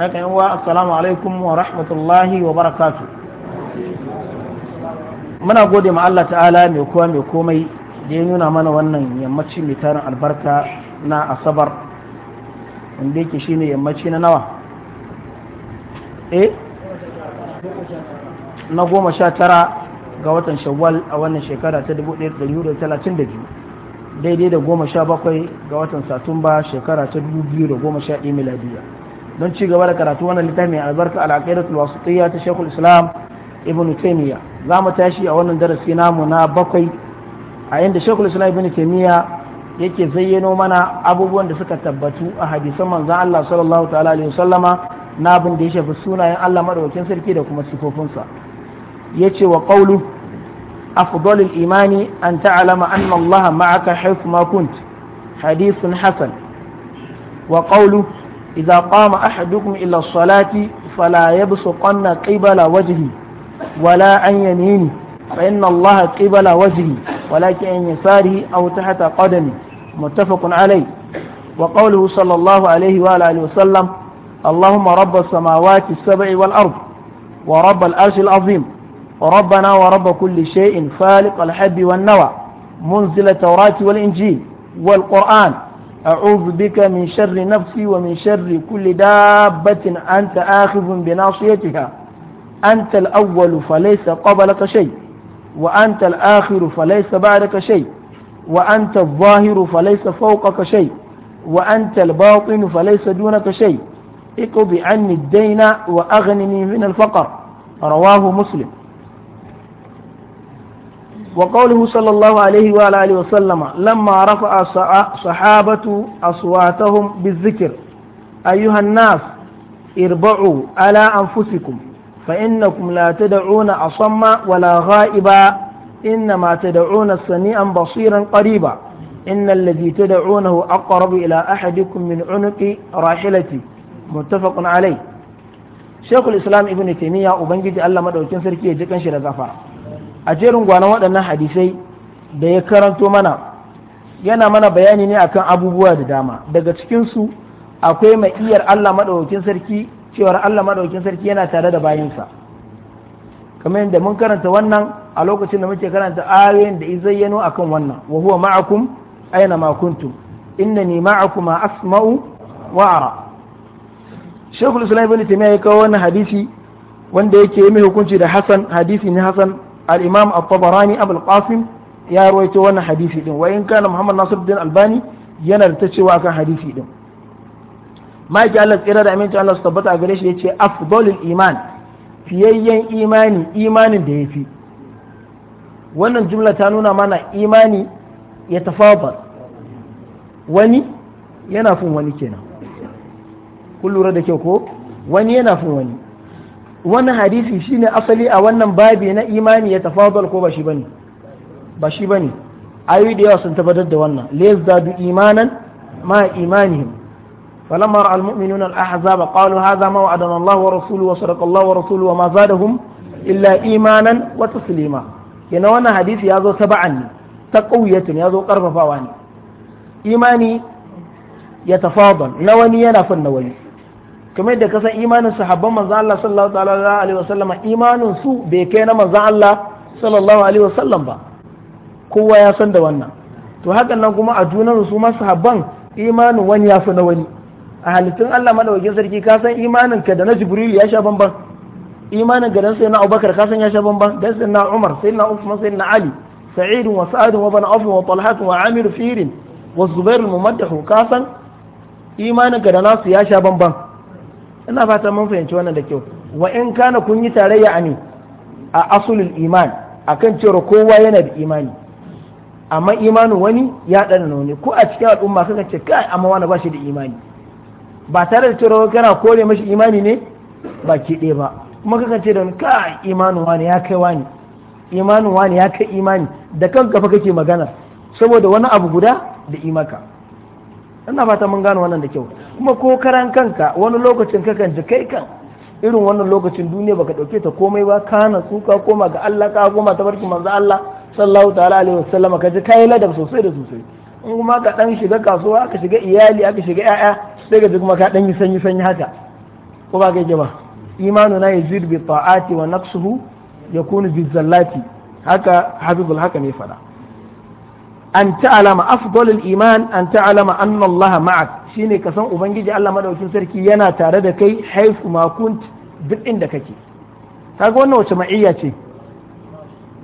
haka yin wa assalamu alaikum wa rahmatullahi wa barakatu muna gode ma Allah ta'ala mai kowa mai komai da ya nuna mana wannan yammaci mai tarin albarka na asabar wanda yake shine yammaci na nawa eh na goma sha tara ga watan shawwal a wannan shekara ta biyu, daidai da goma sha bakwai ga watan satumba shekara ta 2011 miladiyya don ci gaba da karatu wannan littafin albarka al-aqidatul wasitiyya ta Sheikhul Islam Ibn Taymiyyah za mu tashi a wannan darasi namu na bakwai a inda Sheikhul Islam Ibn Taymiyyah yake zayyano mana abubuwan da suka tabbatu a hadisan manzon Allah sallallahu ta'ala alaihi wasallama na abin da ya shafi sunayen Allah madaukakin sarki da kuma sifofinsa yace wa qawlu أفضل الإيمان أن تعلم أن الله معك حيث ما كنت حديث حسن وقوله إذا قام أحدكم إلى الصلاة فلا يبصقن قبل وجهي ولا عن يمينه فإن الله قبل وجهي ولكن عن يساره أو تحت قدمه متفق عليه وقوله صلى الله عليه وآله وسلم اللهم رب السماوات السبع والأرض ورب الأرش العظيم وربنا ورب كل شيء فالق الحب والنوى منزل التوراة والإنجيل والقرآن أعوذ بك من شر نفسي ومن شر كل دابة أنت آخذ بناصيتها أنت الأول فليس قبلك شيء وأنت الآخر فليس بعدك شيء وأنت الظاهر فليس فوقك شيء وأنت الباطن فليس دونك شيء اقض عني الدين وأغنني من الفقر رواه مسلم وقوله صلى الله عليه وآله وسلم لما رفع صحابة أصواتهم بالذكر أيها الناس اربعوا على أنفسكم فإنكم لا تدعون أصم ولا غائبا إنما تدعون سميعا بصيرا قريبا إن الذي تدعونه أقرب إلى أحدكم من عنق راحلتي متفق عليه شيخ الإسلام ابن تيمية وبنجد ألا مدعو كنسر كي يجيكن شر زفر a jerin gwanon waɗannan hadisai da ya karanto mana yana mana bayani ne akan abubuwa da dama daga cikinsu akwai mai iyar Allah maɗaukin sarki cewar Allah maɗaukin sarki yana tare da bayansa kamar yadda mun karanta wannan a lokacin da muke karanta ayoyin da izayyano akan wannan wa huwa ma'akum aina ma kuntum innani ma'akum asma'u wa ara shaykhul Islam Ibn Taymiyyah ya kawo wannan hadisi wanda yake yi hukunci da hasan hadisi ne hasan. al-imam at-tabarani abul qasim ya rawaito wannan hadisi din wa in kana muhammad nasiruddin albani yana da ta cewa akan hadisi din ma'aiki Allah tsira da aminci Allah su tabbata a gare shi yace afdalul iman fiyayyen imani imanin da yafi wannan jumla ta nuna mana imani ya tafabar wani yana fin wani kenan kun lura da kyau ko wani yana fin wani wani hadisi shine asali a wannan babi na imani ya tafadal ko bashi bane ba shi bane ayu da yawa sun tabbatar da wannan lez da du imanan ma imanihim falamma ra al mu'minuna al ahzaba qalu hadha ma wa'adana allah wa rasuluhu wa allah wa rasuluhu wa ma zadahum illa imanan wa taslima kina wannan hadisi ya zo taba'an ne ta qawiyatun ya zo karfafawa ne imani ya tafadal na wani yana fa na kamar da kasan imanin sahabban manzan Allah sallallahu alaihi wasallam imanin su bai kai na manzan Allah sallallahu alaihi wasallam ba kowa ya san da wannan to hakan nan kuma a junan su ma sahabban imanin wani ya fi na wani a halittun Allah madaukakin sarki ka san imanin ka da na Jibril ya sha bamban imanin ga dan sai na Abubakar ka san ya sha bamban dan sai na Umar sai na Uthman sai na Ali سعيد وسعد وبن عوف وطلحة وعامر فير والزبير الممدح كاسا إيمانك دناس يا شابان بان ina fata mun fahimci wannan da kyau wa in kana kun yi tarayya ani a asulul iman akan cewa kowa yana da imani amma imanin wani ya dana wani ko a cikin al'umma kaka ce kai amma wani ba shi da imani ba tare da cewa kana kore mashi imani ne ba ki ɗaya ba kuma kaka ce da kai imanin wani ya kai wani imanin wani ya kai imani da kan kafa kake magana saboda wani abu guda da imaka ina fata mun gano wannan da kyau kuma ko karan kanka wani lokacin kakan ji kai kan irin wannan lokacin duniya baka dauke ta komai ba kana tsuka koma ga Allah ka koma ta barkin manzo Allah sallallahu ta'ala alaihi wasallam ka ji kai ladab sosai da sosai in kuma ka dan shiga kasuwa ka shiga iyali aka shiga yaya sai ka ji kuma ka dan yi sanyi sanyi haka ko ba ga ba imanu na yazid bi ta'ati wa naqsuhu yakunu bi zallati haka habibul haka ne fada an ta'lama afdalul iman an ta'lama anna Allah ma'ak shine ka san ubangiji Allah madaukin sarki yana tare da kai haifu makunt duk inda kake kaga wannan wace ma'iyya ce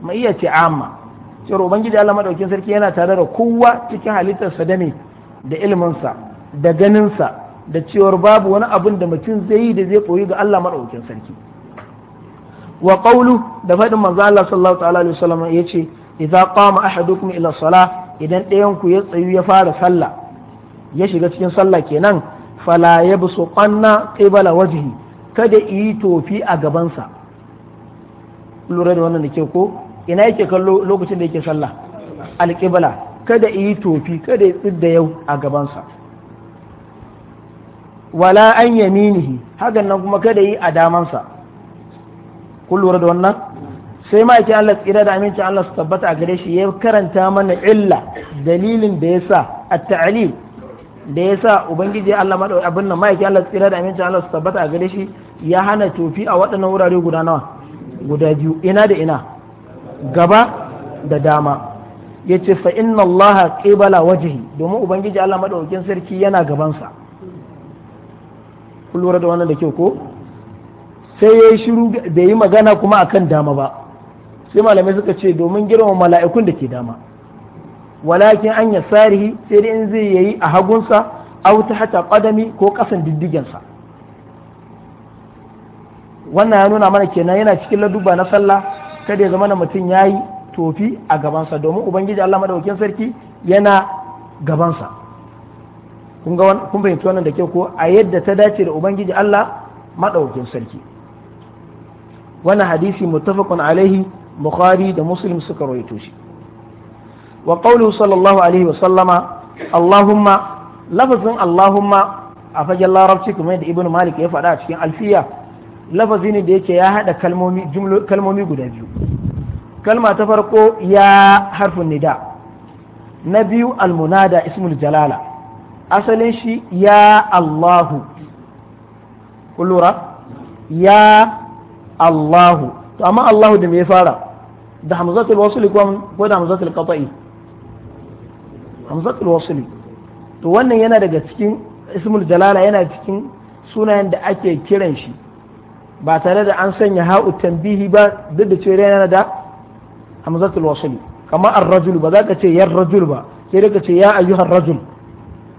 ma'iyya ce amma cewar ubangiji Allah madaukin sarki yana tare da kowa cikin halittarsa da ne da ilminsa da ganinsa da cewar babu wani abin da mutum zai yi da zai koyi ga Allah madaukin sarki wa qawlu da faɗin manzo Allah sallallahu ta'ala alaihi wasallam yace idza qama ahadukum ila salah idan ɗayan ku ya tsayu ya fara sallah ya shiga cikin sallah kenan fala yabsu qanna qibala wajhi kada yi tofi a gabansa lura da wannan da ke ko ina yake kallo lokacin da yake sallah alƙibala kada yi tofi kada ya da yau a gabansa wala an yaminihi haka nan kuma kada yi a damansa kun lura da wannan sai ma yake Allah tsira da aminci Allah su tabbata a gare shi ya karanta mana illa dalilin da ya sa at-ta'lim da ya sa ubangiji Allah maɗa abin nan ma'aiki Allah tsira da aminci Allah su tabbata a gare shi ya hana tofi a waɗannan wurare guda nawa guda biyu ina da ina gaba da dama ya ce fa inna Allah qibala wajhi domin ubangiji Allah madaukin sarki yana gabansa da wannan da kyau ko sai ya yi shiru bai yi magana kuma akan dama ba sai malamai suka ce domin girmama mala'ikun da ke dama walakin an sarihi sai dai in zai yayi a hagunsa aw hata kadami ko kasan diddigensa wannan ya nuna mana kenan yana cikin laduba na sallah kada ya zama mutum ya yi tofi a gabansa domin ubangiji Allah madaukin sarki yana gabansa kun ga da kyau ko a yadda ta dace da ubangiji Allah madaukin sarki wannan hadisi muttafaqun alaihi bukhari da muslim suka rawaito shi wa qawluhu sallallahu alaihi wa sallama allahumma lafazin allahumma a fagen larabci kuma yadda ibnu malik ya faɗa a cikin alfiya lafazi ne da yake ya haɗa kalmomi guda biyu kalma ta farko ya harfin nida na biyu almunada ismul jalala asalin shi ya allahu ya allahu to amma allahu da me ya fara da hamzatul wasl ko da hamzatul qata'i hamzatul wasli to wannan yana daga cikin ismul jalala yana cikin sunayen da ake kiran shi ba tare da an sanya ha'u tambihi ba duk da cewa yana da hamzatul wasli kamar ar-rajul ba za ka ce yar rajul ba sai dai ka ce ya ayyuhar rajul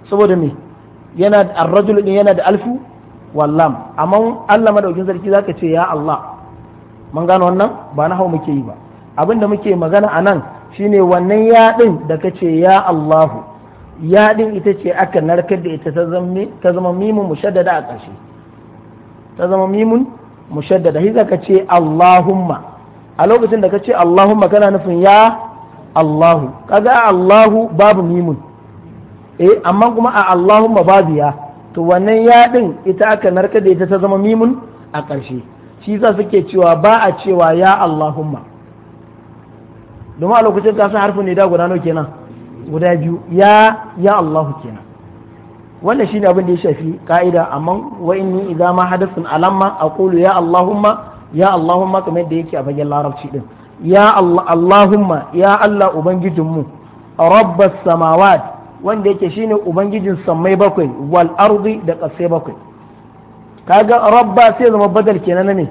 saboda me yana da ar-rajul din yana da alfu wallam amma Allah madaukin sarki zaka ce ya Allah mun gano wannan ba na hau muke yi ba abinda muke magana anan shine wannan yaɗin da kace ya Allahu yaɗin ita ce aka narkar da ita ta zama mimun mushaddada a ƙarshe ta zama mimun mushaddada hiza ka ce Allahumma a lokacin da ka ce Allahumma kana nufin ya Allahu kaga Allahu babu mimun eh amma kuma a Allahumma babu ya to wannan yaɗin ita aka narkar da ita ta zama mimun a ƙarshe shi za suke cewa ba a cewa ya Allahumma domin a lokacin ka san harfin nida guda nawa kenan guda biyu ya ya Allahu kenan wannan shine abin da ya shafi ka'ida amma wa inni idza ma hadathun alamma aqulu ya Allahumma ya Allahumma kamar da yake a bayan larabci din ya Allahumma ya Allah ubangijinmu rabbas samawat wanda yake shine ubangijin sammai bakwai wal ardi da ƙasai bakwai kaga rabba sai zama badal kenan ne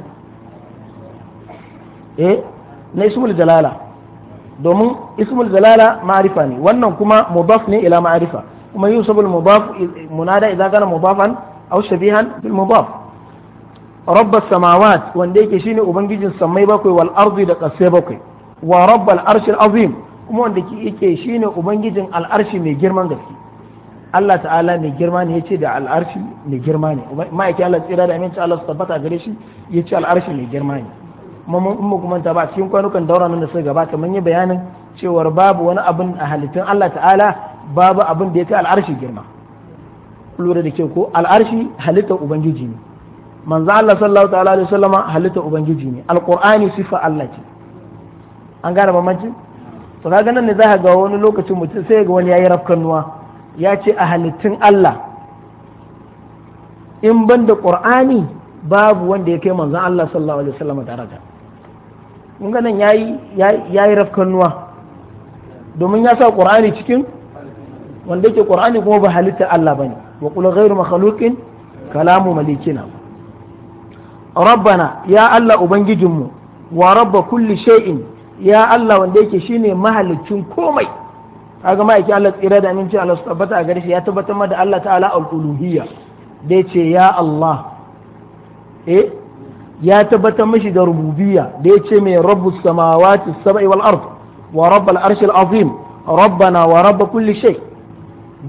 eh na ismul jalala domin ismul zalala ma'arifa ne wannan kuma mudaf ne ila ma'arifa kuma yusabul mudaf munada idan kana mudafan aw shabihan bil mudaf samawat wanda yake shine ubangijin samai bakwai wal ardi da kase bakwai wa rabbal arshil azim kuma wanda yake shine ubangijin al'arshi mai girman gaske Allah ta'ala mai girma ne yace da al'arshi mai girma ne ma'aikin Allah tsira da aminci Allah su gare shi yace al'arshi mai girma ne manta ba cikin kwanukan daura nan da suka gabata mun yi bayanin cewar babu wani abin a halittun Allah ta'ala babu abin da ya kai al'arshi girma lura da ke ko al'arshi halittar ubangiji ne manzo Allah sallallahu ta'ala alaihi wasallama halittar ubangiji ne alqur'ani sifa Allah ce an gane bambanci to kaga nan ne za ga wani lokacin mutum sai ga wani yayi rafkan nuwa ya ce a halittun Allah in ban da ƙur'ani babu wanda ya kai manzan Allah sallallahu alaihi wasallam daraja mun ga nan yayi yayi rafkan nuwa domin ya sa qur'ani cikin wanda yake qur'ani kuma ba halitta Allah bane wa qul ghayru makhluqin kalamu malikina rabbana ya Allah ubangijinmu wa rabba kulli sha'in ya Allah wanda yake shine mahalicin komai kaga ma yake Allah tsira da amince Allah su tabbata a gare shi ya tabbatar da Allah ta'ala al-uluhiyya da yace ya Allah eh ya tabbatar mashi da rububiyya da ya ce mai rabu samawati saba'i wal ard wa rabbal arshil azim rabbana wa rabba kulli shay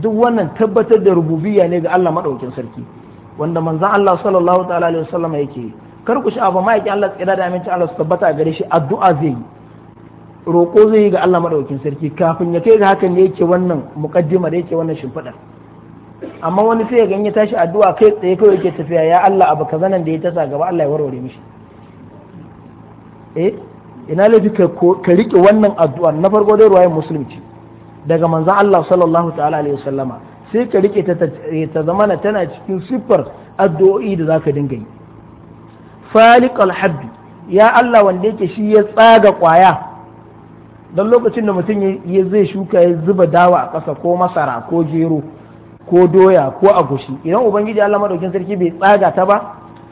duk wannan tabbatar da rububiyya ne ga Allah maɗaukin sarki wanda manzon Allah sallallahu ta'ala alaihi wasallam yake kar ku sha'aba ma yake Allah tsira da aminci Allah su tabbata gare shi addu'a zai yi roƙo zai yi ga Allah maɗaukin sarki kafin ya kai ga hakan ne yake wannan muqaddima da yake wannan shimfiɗar amma wani sai ya ganye tashi addu'a kai tsaye kawai yake tafiya ya Allah abu kaza nan da ya tasa gaba Allah ya warware mishi eh ina laifi ka rike wannan addu'a na farko dai ruwayan musulunci daga manzon Allah sallallahu ta'ala alaihi wasallama sai ka rike ta ta zamana tana cikin siffar addu'o'i da zaka dinga yi faliqal habbi ya Allah wanda yake shi ya tsaga kwaya don lokacin da mutum ya zai shuka ya zuba dawa a ƙasa ko masara ko jero ko doya ko agushi idan ubangiji Allah madaukin sarki bai tsaga ta ba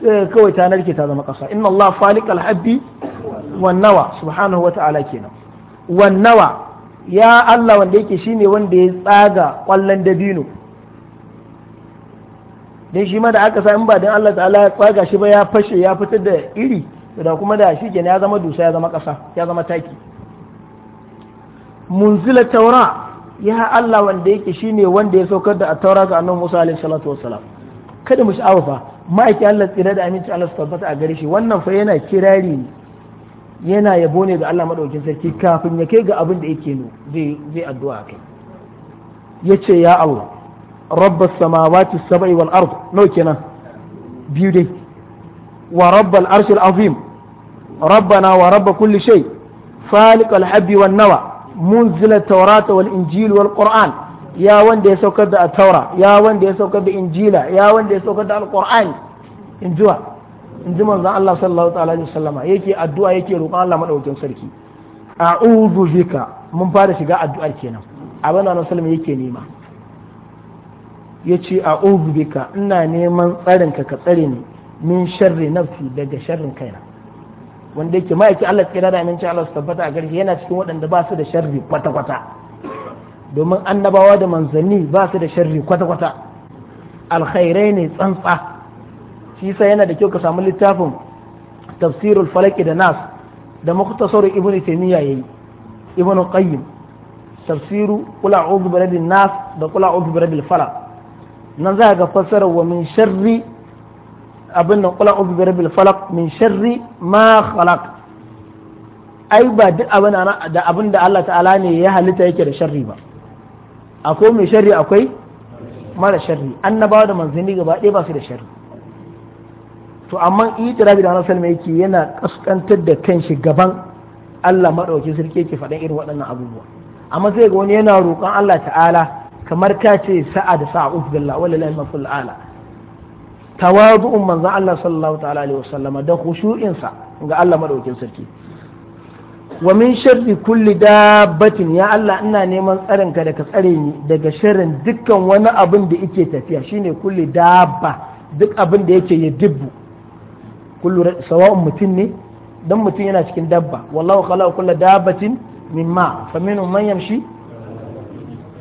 eh, kawai ta narke ta zama kasa inna Allah faliq habbi wan nawa subhanahu wa ta'ala kenan wan nawa ya Allah wanda yake shine wanda ya tsaga kwallon dabino dan shi ma da aka sa in ba dan Allah ta'ala ya tsaga shi ba ya fashe ya fitar da iri da kuma da shi kenan ya zama dusa ya zama kasa ya zama taki munzila taura ya Allah wanda yake shine wanda ya saukar da attaura ga annabi Musa alaihi salatu wassalam kada mu sha'awa fa ma'aikin Allah tsira da aminci Allah su tabbata a gare shi wannan fa yana kirari yana yabo ne ga Allah madaukakin sarki kafin ya kai ga abin da yake no zai zai addu'a kai yace ya Allah rabbas samawati sab'i wal ard no kenan biyu dai wa rabbal arshil azim rabbana wa rabb kulli shai. faliq al nawa munzila taurata wal injil wal qur'an ya wanda ya saukar da taura ya wanda ya saukar da injila ya wanda ya saukar da al alqur'ani in jiwa in ji manzon Allah sallallahu ta'ala alaihi wasallama yake addu'a yake roƙon Allah madaukakin sarki a'udhu bika mun fara shiga addu'ar kenan abin da Annabi sallallahu yake nema yace a'udhu bika ina neman tsarin ka ka tsare ni min sharri nafsi daga sharrin kaina wanda yake ma'aiki Allah tsira da aminci Allah su tabbata a garke yana cikin waɗanda ba su da sharri kwata-kwata domin annabawa da manzanni ba su da sharri kwata-kwata alkhairai ne tsantsa shi sai yana da kyau ka samu littafin tafsirul falaki da nas da mukhtasar ibnu taymiya yayi ibnu qayyim tafsiru qul a'udhu bi nas da qul a'udhu bi falaq nan za ga fassara wa min sharri abin nan kula ubi birabil falak min sharri ma khalaq ai ba duk abin da abin da Allah ta'ala ne ya halitta yake da sharri ba akwai mai sharri akwai mara sharri annabawa da manzanni gaba ɗaya ba su da sharri to amma itirafi da rasul salma yake yana kaskantar da kanshi gaban Allah maɗauki sarki yake faɗan irin waɗannan abubuwa amma sai ga wani yana roƙon Allah ta'ala kamar ka ce sa'a da sa'a ubillah wallahi ma kullu ala tawadu'un manzon Allah sallallahu ta'ala alaihi wasallama da khushu'in sa ga Allah madaukin sarki wa min sharri kulli dabbatin ya Allah ina neman tsarin ka daga tsare ni daga sharrin dukkan wani abin da yake tafiya shine kulli dabba duk abin da yake ya dubbu kullu sawa'un mutum ne dan mutum yana cikin dabba wallahu khalaqa kulli dabbatin min ma faminhum man yamshi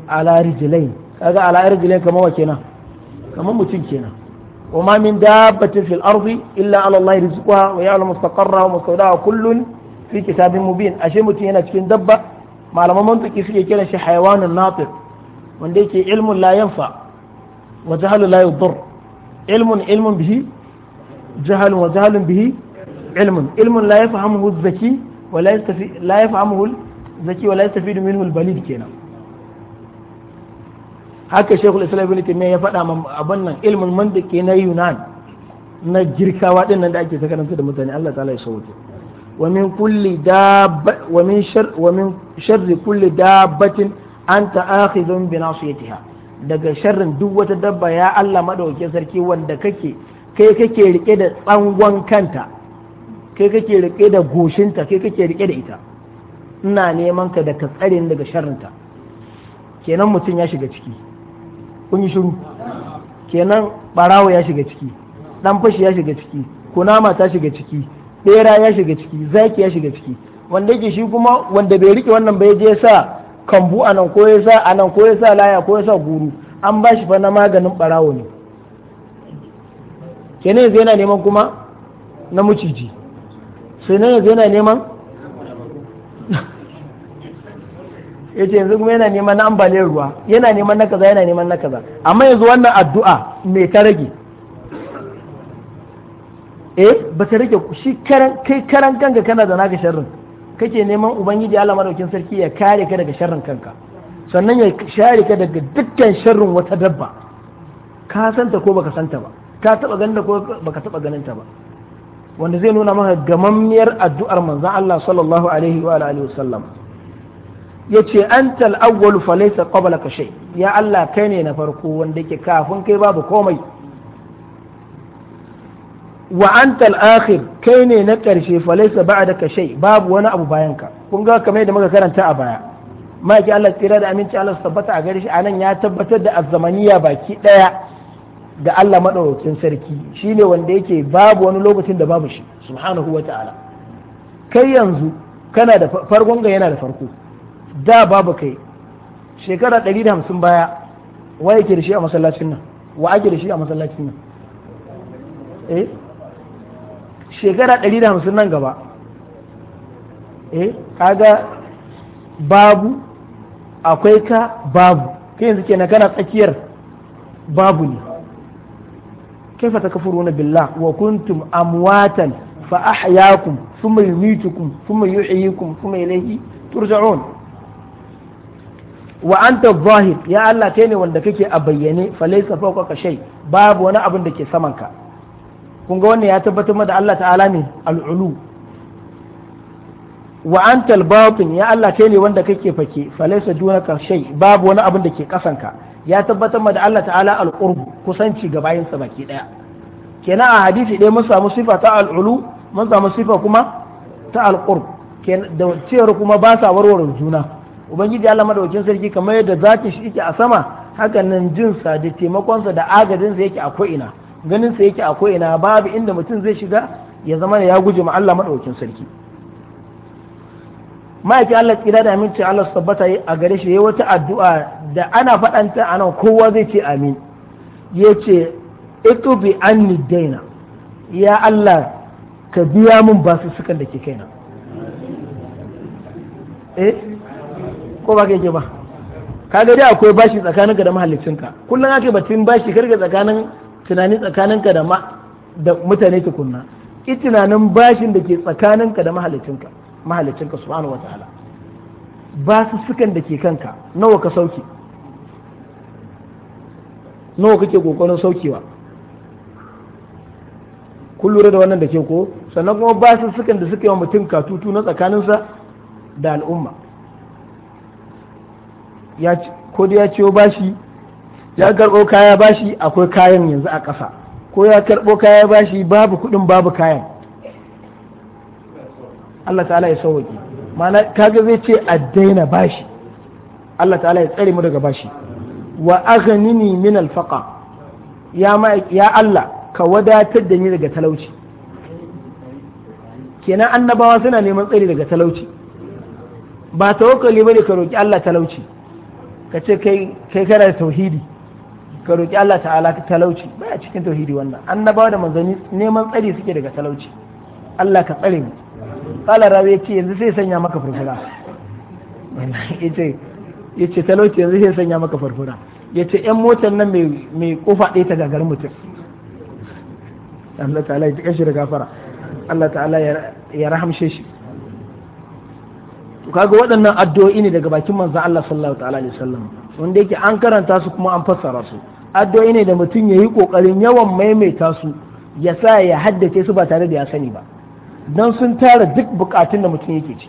ala rijlain kaga ala rijlain kamar wa kenan kamar mutum kenan وما من دابة في الأرض إلا على الله رزقها ويعلم مستقرها ومستودعها كل في كتاب مبين أشي متي هنا cikin dabba malaman mantiki suke kiran shi hayawanun natir wanda yake ilmun la yanfa wa jahalun la yudur ilmun bihi jahalun wa jahalun bihi ilmun ilmun la yafhamuhu az-zaki wa la zaki balid kenan haka shekul islam ibn taimiyya ya faɗa ma abin nan ilmin ke na yunan na girkawa din nan da ake ta da mutane Allah ta'ala ya sauke wa min kulli dabba wa min shar wa min sharri kulli dabbatin anta akhidhun bi daga sharrin duk wata dabba ya Allah madaukakin sarki wanda kake kai kake rike da tsangon kanta kai kake rike da goshinta kai kake rike da ita ina neman ka da ka tsare daga sharrinta kenan mutum ya shiga ciki kun yi shiru kenan barawo ya shiga ciki dan fashi ya shiga ciki kunama ta shiga ciki bera ya shiga ciki zaki ya shiga ciki wanda yake shi kuma wanda bai rike wannan bai je sa kambu anan ko ya sa anan ko ya sa laya ko ya sa guru an ba shi fa na maganin barawo ne kenan yanzu yana neman kuma na muciji sai ne yana neman ya ce yanzu kuma yana neman na ambaliyar ruwa yana neman na kaza yana neman na kaza amma yanzu wannan addu'a me ta rage eh ba ta rage shi karan kai karan kanka kana da naka sharrin kake neman ubangiji Allah madaukin sarki ya kare ka daga sharrin kanka sannan ya share ka daga dukkan sharrin wata dabba ka santa ko baka santa ba ka taba ganin ko baka taba ganin ta ba wanda zai nuna maka gamammiyar addu'ar manzon Allah sallallahu alaihi wa alihi wasallam ya ce an tal'awwalu falaisa qabla ka shay ya Allah kai ne na farko wanda ke kafin kai babu komai wa an akhir kai ne na ƙarshe falaisa ba'da ka shay babu wani abu bayan ka kun ga kamar yadda muka karanta a baya maki Allah tsira da aminci Allah tabbata a gari shi nan ya tabbatar da azamaniya baki daya ga Allah madaukakin sarki shine wanda yake babu wani lokacin da babu shi subhanahu wata'ala kai yanzu kana da farkon ga yana da farko da babu kai shekara 150 baya wa yake da shi a masallacin nan wa ake da shi a masallacin nan eh shekara 150 nan gaba eh kaga babu akwai ka babu kai yanzu kenan kana tsakiyar babu ne kaifa takfuruna billah wa kuntum amwatan fa ahyaakum thumma yumitukum thumma yuhyikum thumma ilayhi turja'un wa anta zahir ya Allah kai ne wanda kake a bayyane falaysa fawqaka shay babu wani abin da ke saman ka kun ga wannan ya tabbatar da Allah ta'ala ne al'ulu wa al batin ya Allah kai ne wanda kake fake falaysa dunaka shay babu wani abin da ke kasan ka ya tabbatar da Allah ta'ala al-qurb kusanci ga bayin sa baki daya kenan a hadisi dai mun samu sifa ta al-ulu mun samu sifa kuma ta al-qurb kenan da cewar kuma ba sa warware juna ubangiji Allah madaukakin sarki kamar yadda zatin shi yake a sama haka nan jin sa da taimakon sa da agajin sa yake a ko'ina ina ganin sa yake a ko'ina babu inda mutum zai shiga ya zama ya guje ma Allah madaukakin sarki ma'aikin Allah tsira da aminci Allah su tabbata a gare shi ya wata addu'a da ana faɗanta a nan kowa zai ce amin ya ce itubi anni daina ya Allah ka biya min basu sukan da ke kaina eh ko ba ka yake ba ka ga dai akwai bashi tsakaninka da mahallicinka kullum ake batun bashi karga tsakanin tunani tsakaninka da ma da mutane tukunna ki tunanin bashin da ke tsakaninka da mahallicinka mahallicinka subhanahu wataala ba su sukan da ke kanka nawa ka sauke nawa kake kokarin saukewa kun lura da wannan da ke ko sannan kuma ba su sukan da suka yi wa mutum katutu na tsakaninsa da al'umma ko da ya ciyo bashi ya karɓo kaya bashi akwai kayan yanzu a ƙasa ko ya karɓo kaya bashi babu kuɗin babu kayan Allah ta'ala ya sauwaƙe ma'ana kaga zai ce a daina bashi Allah ta'ala ya tsare mu daga bashi wa aghnini min alfaqa ya ma ya Allah ka wadatar da ni daga talauci kenan annabawa suna neman tsari daga talauci ba tawakkali bane ka roki Allah talauci ka ce kai kana da tauhidi ka roƙi Allah ta'ala ka talauci ba a cikin tauhidi wannan annabawa da manzanni neman tsari suke daga talauci Allah ka tsare mu qala rawi yace yanzu sai sanya maka furfura yace yace talauci yanzu sai sanya maka furfura yace yan motar nan mai mai kofa ɗaya ta gagar mutum Allah ta'ala ya kashe da gafara Allah ta'ala ya rahamshe shi kaga waɗannan addu'o'i ne daga bakin manzon Allah sallallahu ta'ala alaihi wasallam wanda yake an karanta su kuma an fassara su addu'o'i ne da mutum yayi kokarin yawan maimaita su ya sa ya haddace su ba tare da ya sani ba dan sun tara duk bukatun da mutum yake ciki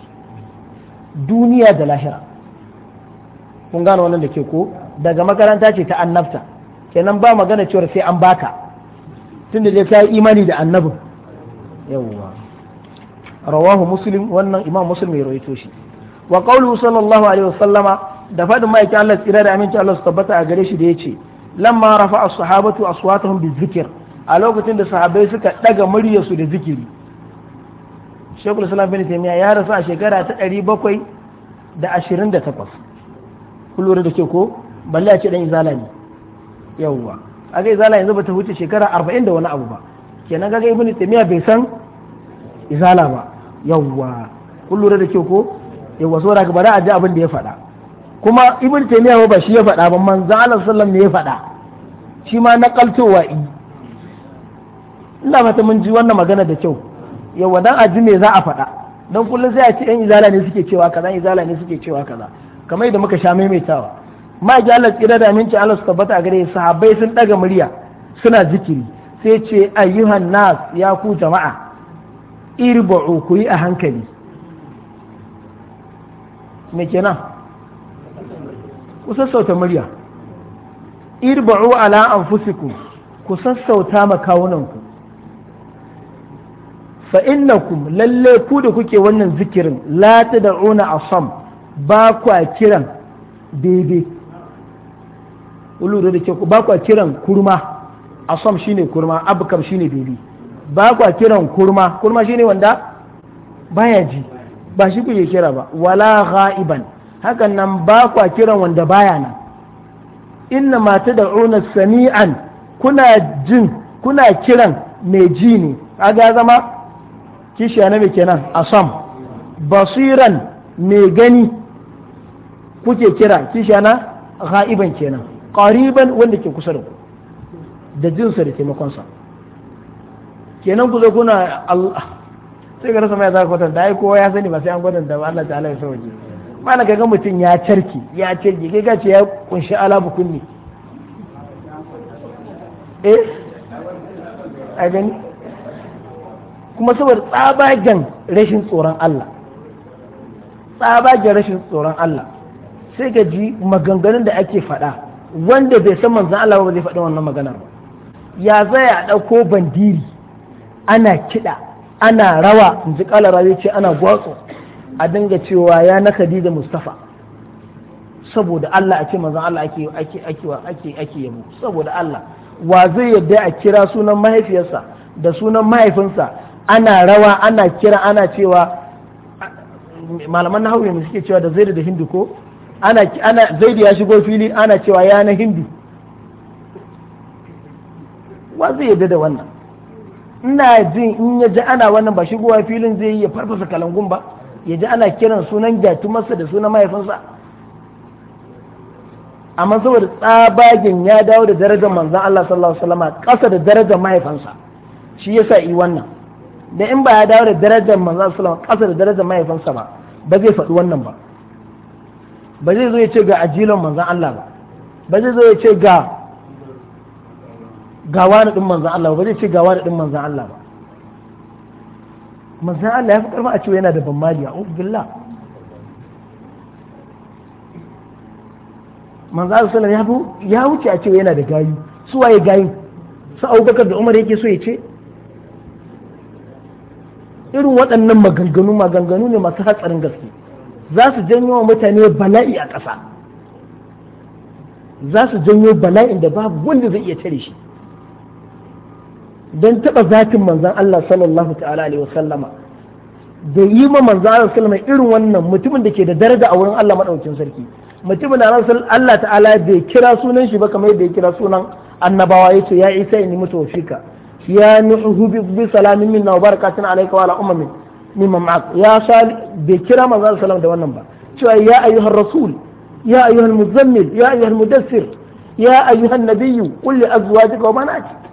duniya da lahira kun gane wannan da ke ko daga makaranta ce ta annabta kenan ba magana cewa sai an baka tunda dai sai imani da annabin yawwa rawahu muslim wannan imam muslim ya rawaito shi wa qawluhu sallallahu alaihi wasallama da fadin ma'aikin Allah tsira da aminci Allah su tabbata a gare shi da yace lamma rafa as-sahabatu aswatuhum bizikr a lokacin da sahabbai suka daga su da zikiri Sheikhul Islam bin Taymiyyah ya rasu a shekara ta 728 kun da ke ko balle a ce dan izala ne yawwa ga izala yanzu bata wuce shekara 40 da wani abu ba kenan ga ibnu Taymiyyah bai san izala ba yawwa kun da ke ko yawa saboda ba bari a ji abin da ya faɗa kuma ibn taymiya ba shi ya faɗa ba manzon Allah sallallahu ne ya faɗa shi ma kaltowa i ina fata mun ji wannan magana da kyau yawa dan a ji me za a faɗa dan kullum sai a ce yan izala ne suke cewa kaza izala ne suke cewa kaza kamar yadda muka sha maimaitawa ma ji Allah tsira da aminci Allah su tabbata a gare sahabbai sun ɗaga murya suna zikiri sai ce ayyuhan nas ya ku jama'a irbu'u ku yi a hankali me kenan ku sassauta murya irba'u ala anfusikum ku sassauta makawunanku fa innakum lalle ku da kuke wannan zikirin la tad'una asam ba kwa kiran daidai uluru da ke ba kwa kiran kurma asam shine kurma abkam shine daidai ba kwa kiran kurma kurma shine wanda baya ji ba shi kuke kira ba wala ghaiban hakan nan ba kwa kiran wanda baya nan inna ma tad'una sami'an kuna jin kuna kiran mai ji ne aga zama kishi na mai kenan asam basiran mai gani kuke kira kishiya na ghaiban kenan qariban wanda ke kusa da ku da jinsa da taimakonsa kenan ku zo kuna sai ga rasa mai za ka kwatanta ai kowa ya sani ba sai an kwatanta ba Allah ta'ala ya sauke mana ka ga mutum ya carki ya carki kai gace ya kunshi ala bukunni eh ai gani kuma saboda tsabagen rashin tsoron Allah tsabagen rashin tsoron Allah sai ka ji maganganun da ake faɗa wanda bai san manzon Allah ba zai faɗi wannan maganar ya zaya a ɗauko bandiri ana kiɗa ana rawa in ji kala rawi ce ana gwatso a dinga cewa ya na khadija mustafa saboda Allah a ce manzon Allah ake ake ake ake ake yabo saboda Allah wa zai yadda a kira sunan mahaifiyarsa da sunan mahaifinsa ana rawa ana kira ana cewa malaman na hauwa suke cewa da zaidu da hindu ko ana ana zaidu ya shigo fili ana cewa ya na hindu wa zai yadda da wannan ina jin in ya ji ana wannan ba shigowa filin zai yi ya farfasa kalangun ba ya ji ana kiran sunan masa da sunan mahaifinsa amma saboda tsabagen ya dawo da darajar manzan Allah sallallahu alaihi wasallam ƙasa da darajar mahaifinsa shi yasa yi wannan da in ba ya dawo da darajar manzan sallallahu alaihi ƙasa da darajar mahaifinsa ba ba zai faɗi wannan ba ba zai zo ya ce ga ajilan manzan Allah ba ba zai zo ya ce ga ga wani ɗin manzan Allah ba zai ce ga wani ɗin manzan Allah ba manzan Allah ya fi karfa a cewa yana da ban mali a billah manzan Allah sallallahu ya wuce a cewa yana da gayu su waye gayu su Abubakar da Umar yake so ya ce irin waɗannan maganganu maganganu ne masu hatsarin gaske za su janyo wa mutane bala'i a ƙasa za su janyo bala'in da babu wanda zai iya tare shi don taɓa zatin manzan Allah sallallahu ta'ala alaihi sallama da yi ma manzan Allah sallama irin wannan mutumin da ke da daraja a wurin Allah maɗaukin sarki mutumin da Allah ta'ala bai kira sunan shi ba kamar yadda ya kira sunan annabawa ya ce ya isa in mutu wafika ya nuhu bi salamin minna wa barakatun alayka wa ala ummin mimma ma'ak ya sal bai kira manzan Allah sallama da wannan ba cewa ya ayyuhar rasul ya ayyuhal muzammil ya ayyuhal mudassir ya ayyuhan nabiyyu qul li azwajika wa banatika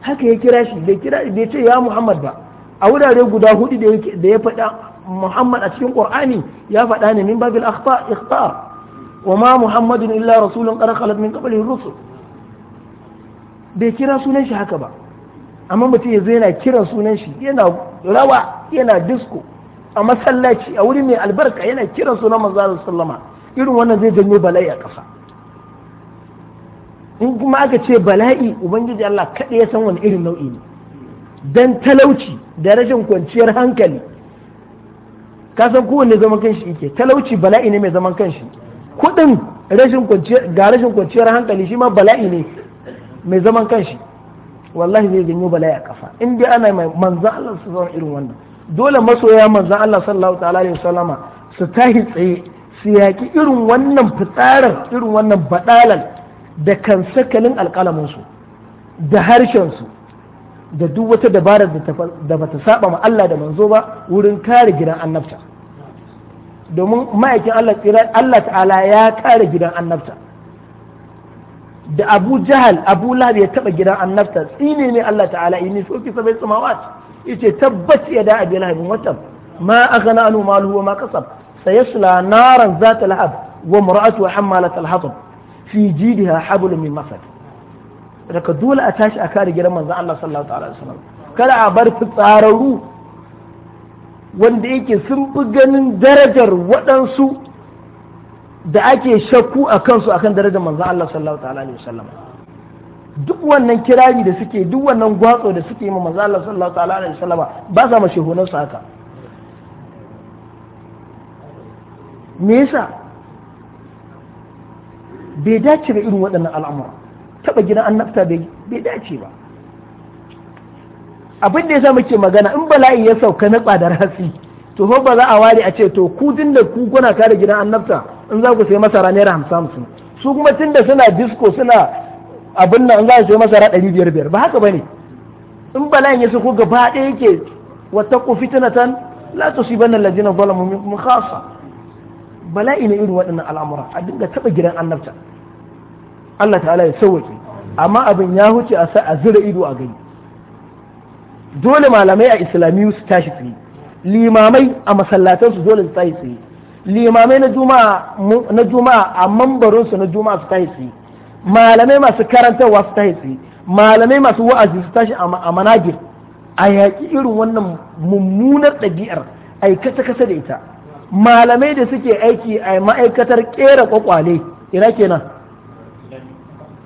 haka ya kira shi bai kira bai ce ya Muhammad ba a wurare guda hudu da ya faɗa Muhammad a cikin Qur'ani ya faɗa ne min babil akhta ikhta wa ma Muhammadun illa rasulun qad khalat min qablihi rusul bai kira sunan shi haka ba amma mutum ya zo yana kiran sunan shi yana rawa yana disco a masallaci a wuri mai albarka yana kiran sunan manzo sallama irin wannan zai janyo bala'i a ƙasa in kuma aka ce bala'i ubangiji Allah kaɗai ya san wani irin nau'i ne dan talauci da rashin kwanciyar hankali ka san kowanne zaman kanshi yake talauci bala'i ne mai zaman kanshi kuɗin rashin kwanciyar ga rashin kwanciyar hankali shi ma bala'i ne mai zaman kanshi wallahi zai janyo bala'i a kafa in dai ana mai manzan Allah su zama irin wannan dole masoya manzan Allah sallallahu ta'ala alaihi wasallama su tahi tsaye su yaki irin wannan fitsarar irin wannan badalar da kan sakalin alƙalaminsu da harshensu da duk wata dabarar da bata saba ma Allah da manzo ba wurin kare gidan annabta domin ma'aikin Allah tsira Allah ta'ala ya kare gidan annabta da Abu Jahal Abu Lahab ya taba gidan annabta tsine ne Allah ta'ala inni soki sabai samawat yace tabbat ya da abi lahabin watan ma aghna anhu maluhu wa ma kasab sayasla naran zata lahab wa mar'atu hammalat al-hatab fi ha hablum min masad daga dole a tashi a kare gidan manzon Allah sallallahu alaihi wasallam kada a bar tsararru wanda yake sun fi ganin darajar waɗansu da ake shakku a kansu akan darajar manzon Allah sallallahu alaihi wasallam duk wannan kirari da suke duk wannan gwatso da suke yi manzon Allah sallallahu alaihi wasallam ba sa mashehunan su haka me yasa bai dace da irin waɗannan al'amura taɓa gidan nafta bai dace ba abin da ya sa muke magana in bala'i ya sauka na tsadar rasi to fa ba za a ware a ce to ku da ku kuna kare gidan nafta in za ku sai masara naira hamsin hamsin su kuma tun da suna disko suna abin nan in za su sai masara ɗari biyar biyar ba haka ba ne in bala'i ya sauka gaba ɗaya yake wata ku fitinatan la tusibanna allazina zalamu mu khassa bala'i ne irin waɗannan al'amura a dinga taɓa gidan annabta Allah ta'ala ya sauwaƙe amma abin ya huce a sa a zira ido a gani dole malamai a islamiyu su tashi tsaye limamai a masallatan dole su tashi tsaye limamai na juma'a na a mambarin su na juma'a su tashi tsaye malamai masu karantarwa su tashi tsaye malamai masu wa'azi su tashi a manajir a yaƙi irin wannan mummunar ɗabi'ar aikata kasa kasa da ita malamai da suke aiki a ma'aikatar kera kwakwale ina kenan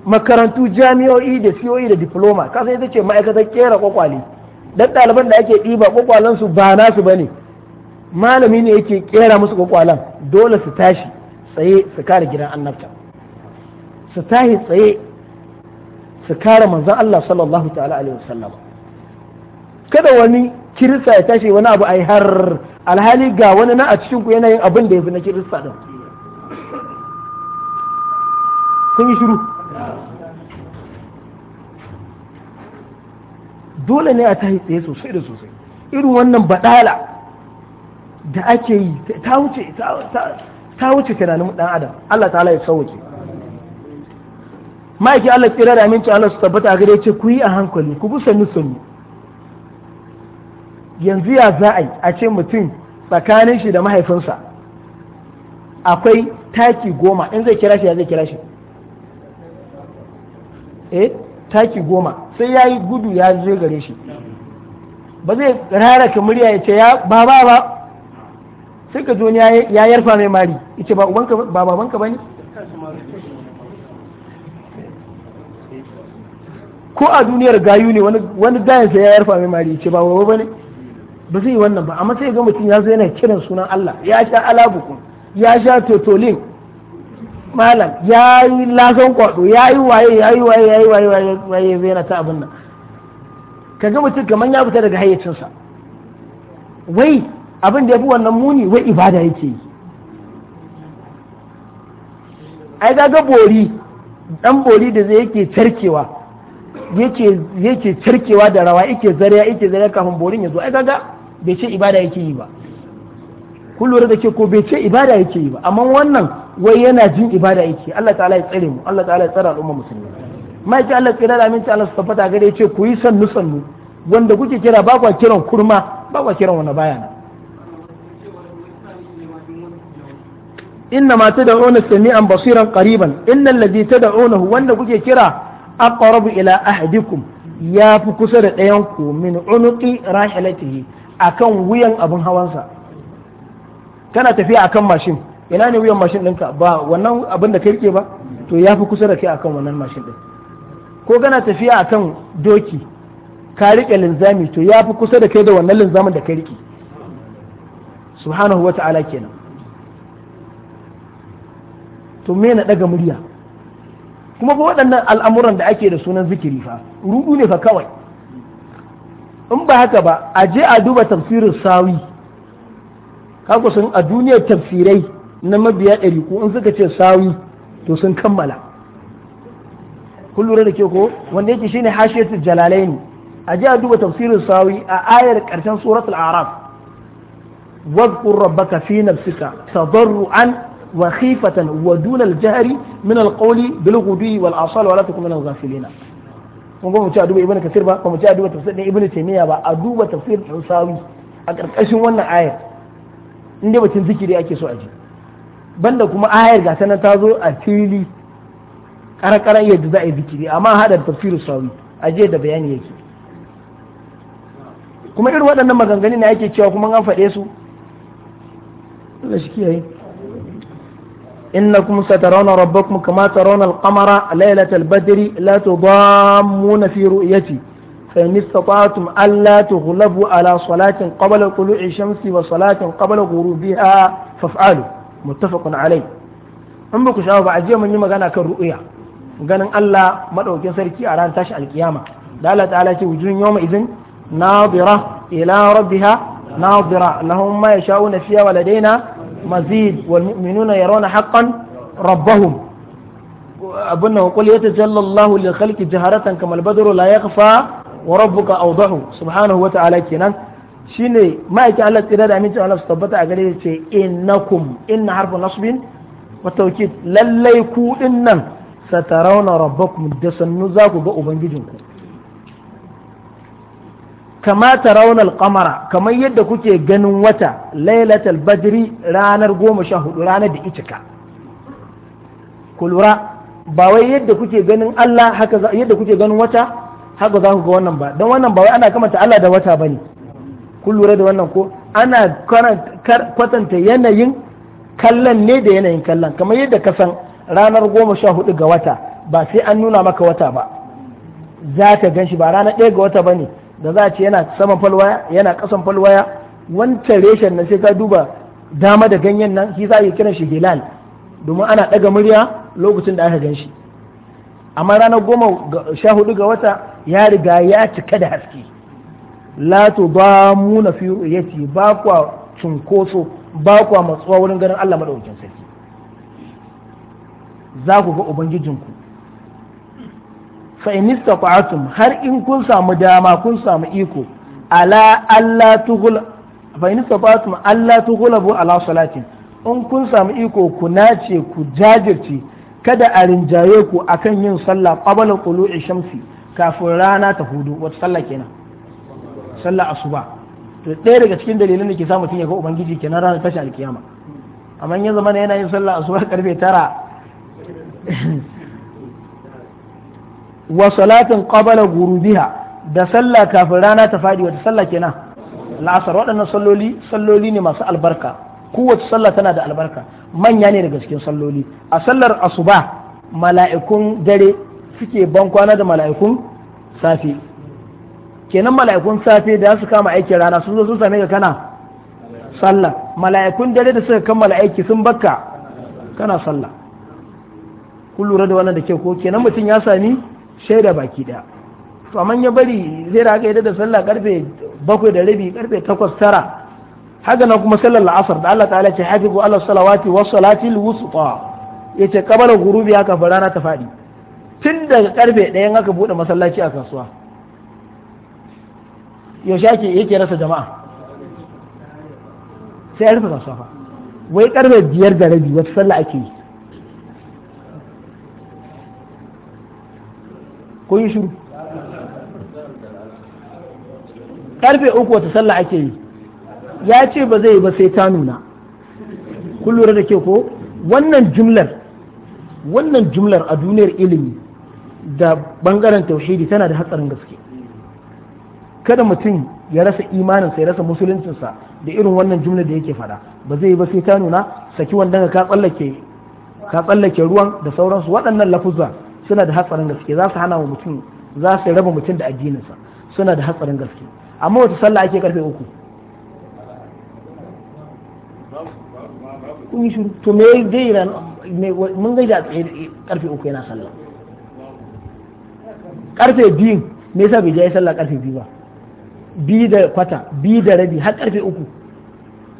makarantu jami'o'i da siyoyi e da diploma kasa ita ce ma'aikatar kera kwakwale dan ɗaliban da ake ɗiba kwakwalen su ba nasu ba ne malami ne yake kera musu kwakwalen dole su tashi tsaye su kare gidan annabta su tashi tsaye su kare manzon Allah sallallahu ta'ala alaihi wasallam kada wani kirista ya tashi wani abu ai har alhali ga wani na a cikin ku yana yin abin da ya fi na kirista din kun yi shiru dole ne a tashi tsaye sosai da sosai irin wannan badala da ake yi ta wuce ta wuce tunanin dan adam Allah ta'ala ya sauke ma'aiki Allah tsira da aminci Allah su tabbata a gare ce ku yi a hankali ku bi sannu sannu yanzu ya za a yi a ce mutum tsakanin shi da mahaifinsa akwai taki goma in zai kira shi ya zai kira shi eh taki goma sai ya yi gudu ya je gare shi ba zai raraka murya ya ce ya ba ba ba sai ka zo ya yarfa mai mari ya ce ba babanka ba ne ko a duniyar gayu ne wani dayansa ya yarfa mai mari ya ce ba babanka ba ne ba zai yi wannan ba amma sai ga mutum ya zo yana kiran sunan Allah ya sha alabukum ya sha totolin malam ya yi lasan kwado ya yi waye ya yi waye ya yi waye waye zai yana ta abin nan ka ga mutum kamar ya fita daga hayyacinsa wai abin da ya fi wannan muni wai ibada yake yi ai ga bori dan bori da zai yake carkewa yake yake cirkewa da rawa yake zariya yake zariya kafin borin ya zo ai ga bai ce ibada yake yi ba kun lura da ke ko bai ce ibada yake yi ba amma wannan wai yana jin ibada yake Allah ta'ala ya tsare mu Allah ta'ala ya tsara al'umma musulmi ma yake Allah tsira da aminci Allah su tabbata gare ce ku yi sannu sannu wanda kuke kira ba kwa kiran kurma ba kwa kiran wani bayana inna ma tad'una sami'an basiran qariban innal ladhi tad'unahu wanda kuke kira aqrabu ila ahadikum ya fi kusa da ɗayan ku min unuqi rahilatihi akan wuyan abin hawansa kana tafiya akan mashin ina ne wuyan mashin ɗinka ba wannan abin da ka ba to ya fi kusa da kai akan wannan mashin ɗin ko kana tafiya akan doki ka rike linzami to ya fi kusa da kai da wannan linzamin da ka rike subhanahu wa ta'ala kenan to me na daga murya kuma ba waɗannan al'amuran da ake da sunan zikiri fa rudu ne fa kawai in ba haka ba a je a duba tafsirin sawi kaku sun a duniyar tafsirai na mabiya ɗari ko in suka ce sawi to sun kammala kun lura da ke ko wanda yake shine hashiyatul jalalain a je a duba tafsirin sawi a ayar karshen suratul araf واذكر ربك في نفسك تضرعا وخيفة ودون الجهر من القول بالغدو والآصال ولا تكن من الغافلين kuma ba mu ci a duba ibnu kasir ba ba mu ci a duba tafsir din ibnu taymiya ba a duba tafsir din sawi a karkashin wannan ayar inda batun zikiri ake so a ji banda kuma ayar ga sanan ta zo a fili karakaran yadda za a yi zikiri amma hada tafsir sawi a je da bayani yake kuma irin waɗannan maganganun ne ake cewa kuma an faɗe su Allah shi kiyaye إنكم سترون ربكم كما ترون القمر ليلة البدر لا تضامون في رؤيتي فإن استطعتم ألا تغلبوا على صلاة قبل طلوع الشمس وصلاة قبل غروبها فافعلوا متفق عليه in ba ku sha ba a jiya mun yi magana kan ru'ya ganin Allah madaukin sarki a ran tasha alkiyama da Allah ta'ala ce wujun yawma idin nadira ila rabbiha nadira lahum ma wa ladaina مزيد والمؤمنون يرون حقا ربهم أبنه قل يتجلى الله للخلق جهرة كما البدر لا يخفى وربك أوضح سبحانه وتعالى كنا شيني ما يكي الله تداد أمين تعالى استبتع قليل إنكم إن حرف نصب والتوكيد للي إنا سترون ربكم جسن نزاك kama ta raunar kamara kamar yadda kuke ganin wata lailatul badri ranar goma sha hudu ranar da ita ku lura ba wai yadda kuke ganin Allah haka yadda kuke ganin wata haka za ku ga wannan ba don wannan ba wai ana kamanta Allah da wata bane ku lura da wannan ko ana kwatanta yanayin kallon ne da yanayin kallon kamar yadda ka san ranar goma sha hudu ga wata ba sai an nuna maka wata ba za ta gan shi ba ranar ɗaya ga wata ba ne da za a ce yana saman falwaya yana kasan falwaya wancan reshen na sai ka duba dama da ganyen nan shi za a yi kiran shi hilal domin ana ɗaga murya lokacin da aka gan shi amma ranar goma sha hudu ga wata ya riga ya cika da haske Lato ba mu na fi ce ba kwa cunkoso ba kwa matsuwa wurin ganin Allah madaukakin sarki za ku ga ubangijinku fa in istata'tum har in kun samu dama kun samu iko ala alla tughul fa in istata'tum alla tughlabu ala salati in kun samu iko ku nace ku jajirce kada a rinjaye ku akan yin sallah qabla tulu'i shamsi kafin rana ta hudu wata sallah kenan sallah asuba to ɗaya daga cikin dalilan da ke samu tun ya ga ubangiji kenan ranar tashi alkiyama amma ya zama yana yin sallah asuba karfe tara wa salatin qabala gurubiha da sallah kafin rana ta fadi wata sallah kenan la'asar waɗannan salloli salloli ne masu albarka kowace sallah tana da albarka manya ne daga cikin salloli a sallar asuba mala'ikun dare suke ban kwana da mala'ikun safe kenan mala'ikun safe da su kama aikin rana sun zo sun same ka kana sallah mala'ikun dare da suka kammala aiki sun bakka kana sallah kun lura da wannan da ke ko kenan mutum ya sami shaida baki daya to amma ya bari zai raka yadda da sallah karfe bakwai da rabi karfe takwas tara haka na kuma sallar la'asar da Allah ta'ala ce hafizu Allah salawati wa al wusta yace kabala gurubi haka fa rana ta fadi tun daga karfe ɗayan aka bude masallaci a kasuwa yaushe ake yake rasa jama'a sai a kasuwa fa wai karfe biyar da rabi wata sallah ake yi ko yi shiru karfe uku wata sallah ake yi ya ce ba zai ba sai ta nuna kun lura da ke ko wannan jumlar wannan jumlar a duniyar ilimi da bangaren tauhidi tana da hatsarin gaske kada mutum ya rasa imaninsa ya rasa musuluncinsa da irin wannan jumla da yake fada ba zai ba sai ta nuna saki wanda ka tsallake ruwan da sauransu waɗannan lafuzza suna da hatsarin gaske za su hana wa mutum za su raba mutum da addininsa suna da hatsarin gaske amma wata sallah ake karfe uku kun yi shuru to me dai ran mun gaida tsaye karfe uku yana sallah karfe biyu me yasa bai jaye sallah karfe biyu ba biyu da kwata biyu da rabi har karfe uku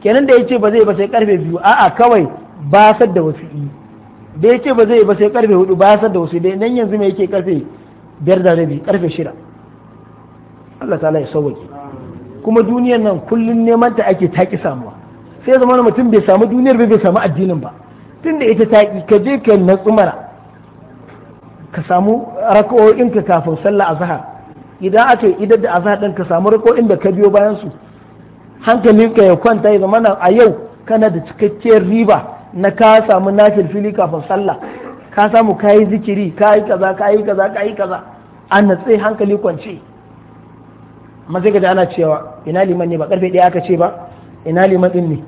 kenan da ya ce ba zai ba sai karfe biyu a'a kawai ba sadda wasu yi da ya ce ba zai ba sai karfe hudu ba ya da wasu dai nan yanzu mai yake karfe biyar da rabi karfe shida Allah ta'ala ya sauwaki kuma duniyar nan kullum neman ta ake taƙi samuwa sai zama mutum bai samu duniyar bai samu addinin ba tun da ita taƙi ka je ka na tsumara ka samu raka'o'in ka kafin sallah azhar idan aka idan da azhar din ka samu raka'o'in da ka biyo bayan su hankalinka ya kwanta ya zama a yau kana da cikakkiyar riba na ka samu nafil fili kafin sallah ka samu ka yi zikiri ka yi kaza ka yi kaza ka yi kaza an natse hankali kwance amma sai ka ana cewa ina liman ne ba karfe ɗaya aka ce ba ina liman din ne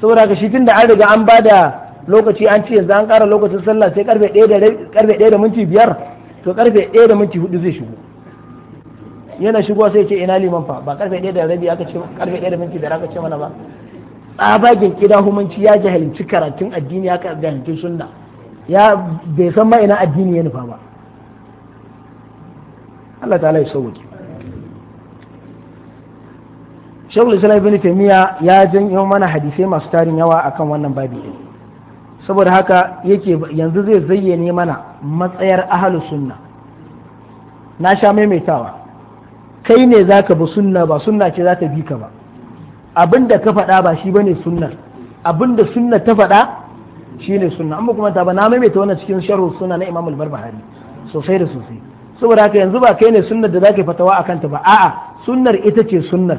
saboda ka shi tunda an riga an ba da lokaci an ce yanzu an ƙara lokacin sallah sai karfe ɗaya da minti biyar to karfe ɗaya da minti hudu zai shigo yana shigo sai ce ina liman fa ba karfe ɗaya da rabi aka ce karfe ɗaya da minti biyar aka ce mana ba tsabagen kida humanci ya jahilci karatun addini ya jahilci sunna ya bai san ma ina addini ya nufa ba Allah ta'ala ya sauke Shaykhul Islam Ibn Taymiyyah ya janyo mana hadisai masu tarin yawa akan wannan babi saboda haka yake yanzu zai zayyane mana matsayar ahlu sunna na sha maimaitawa kai ne ka bi sunna ba sunna ce za ta bi ka ba abin da ka faɗa ba shi bane sunnar abin da sunna ta faɗa shine sunna amma kuma ta ba na maimaita wannan cikin sharhu sunna na Imam al-Barbahari sosai da sosai saboda haka yanzu ba kai ne sunnar da zaka fatawa akan ta ba a'a sunnar ita ce sunnar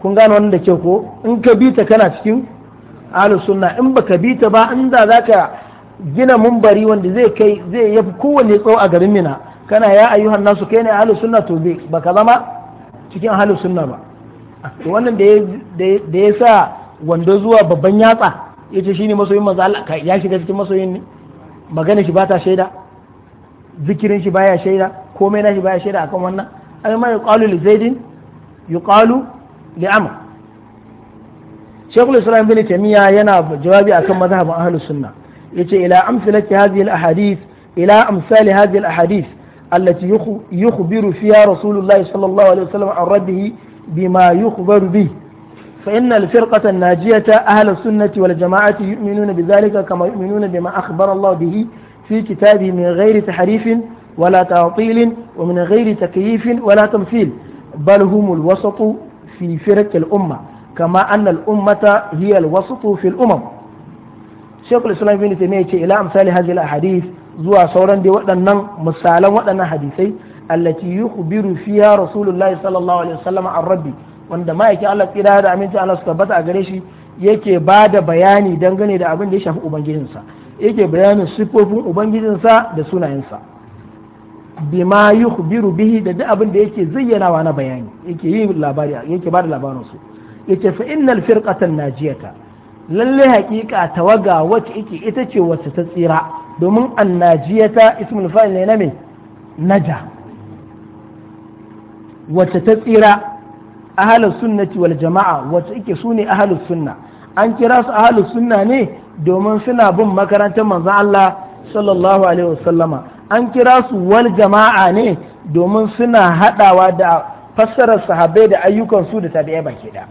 kun gane wannan da kyau ko in ka bi ta kana cikin ahlus sunna in baka bi ta ba in da zaka gina mumbari wanda zai kai zai yafi kowanne tsawo a garin mina kana ya ayyuhan nasu kai ne ahlus sunna to ba baka zama cikin ahlus sunna ba wannan da ya sa wando zuwa babban yatsa ya ce shi ne masoyin manzo Allah ya shiga cikin masoyin ne magana shi ba ta shaida zikirin shi baya shaida komai na shi baya shaida akan wannan ai ma yuqalu li zaidin yuqalu li amr shaykhul islam bin tamiya yana jawabi akan mazhabin ahlus sunna yace ila amsalati hadhihi al ahadith ila amsal hadhihi al ahadith allati yukhbiru fiha rasulullah sallallahu alaihi wasallam an rabbihi بما يخبر به فإن الفرقة الناجية أهل السنة والجماعة يؤمنون بذلك كما يؤمنون بما أخبر الله به في كتابه من غير تحريف ولا تعطيل ومن غير تكييف ولا تمثيل بل هم الوسط في فرق الأمة كما أن الأمة هي الوسط في الأمم شيخ الإسلام بن تيمية إلى أمثال هذه الأحاديث zuwa sauran dai waɗannan misalan waɗannan hadisai allati yukhbiru fiha rasulullahi sallallahu alaihi wasallam an rabbi wanda ma'aikin Allah tsira da aminci Allah su tabbata a gare shi yake ba da bayani dangane da abin da ya shafi ubangijinsa yake bayanin siffofin ubangijinsa da sunayensa bima yukhbiru bihi da duk abin da yake zayyanawa na bayani yake yi labari yake ba da labarin su yace fa innal firqatan najiyata lalle hakika tawaga wacce yake ita ce wacce ta tsira domin annajiyata ismul fa'il ne na me naja wacce ta tsira ahalus sunnati wal jama'a wacce ike su ne ahalus sunna an kira su ahalus sunna ne domin suna bin makarantar manzon Allah sallallahu alaihi wasallama an kira su wal jama'a ne domin suna hadawa da fassarar sahabbai da ayyukan su da tabi'a baki da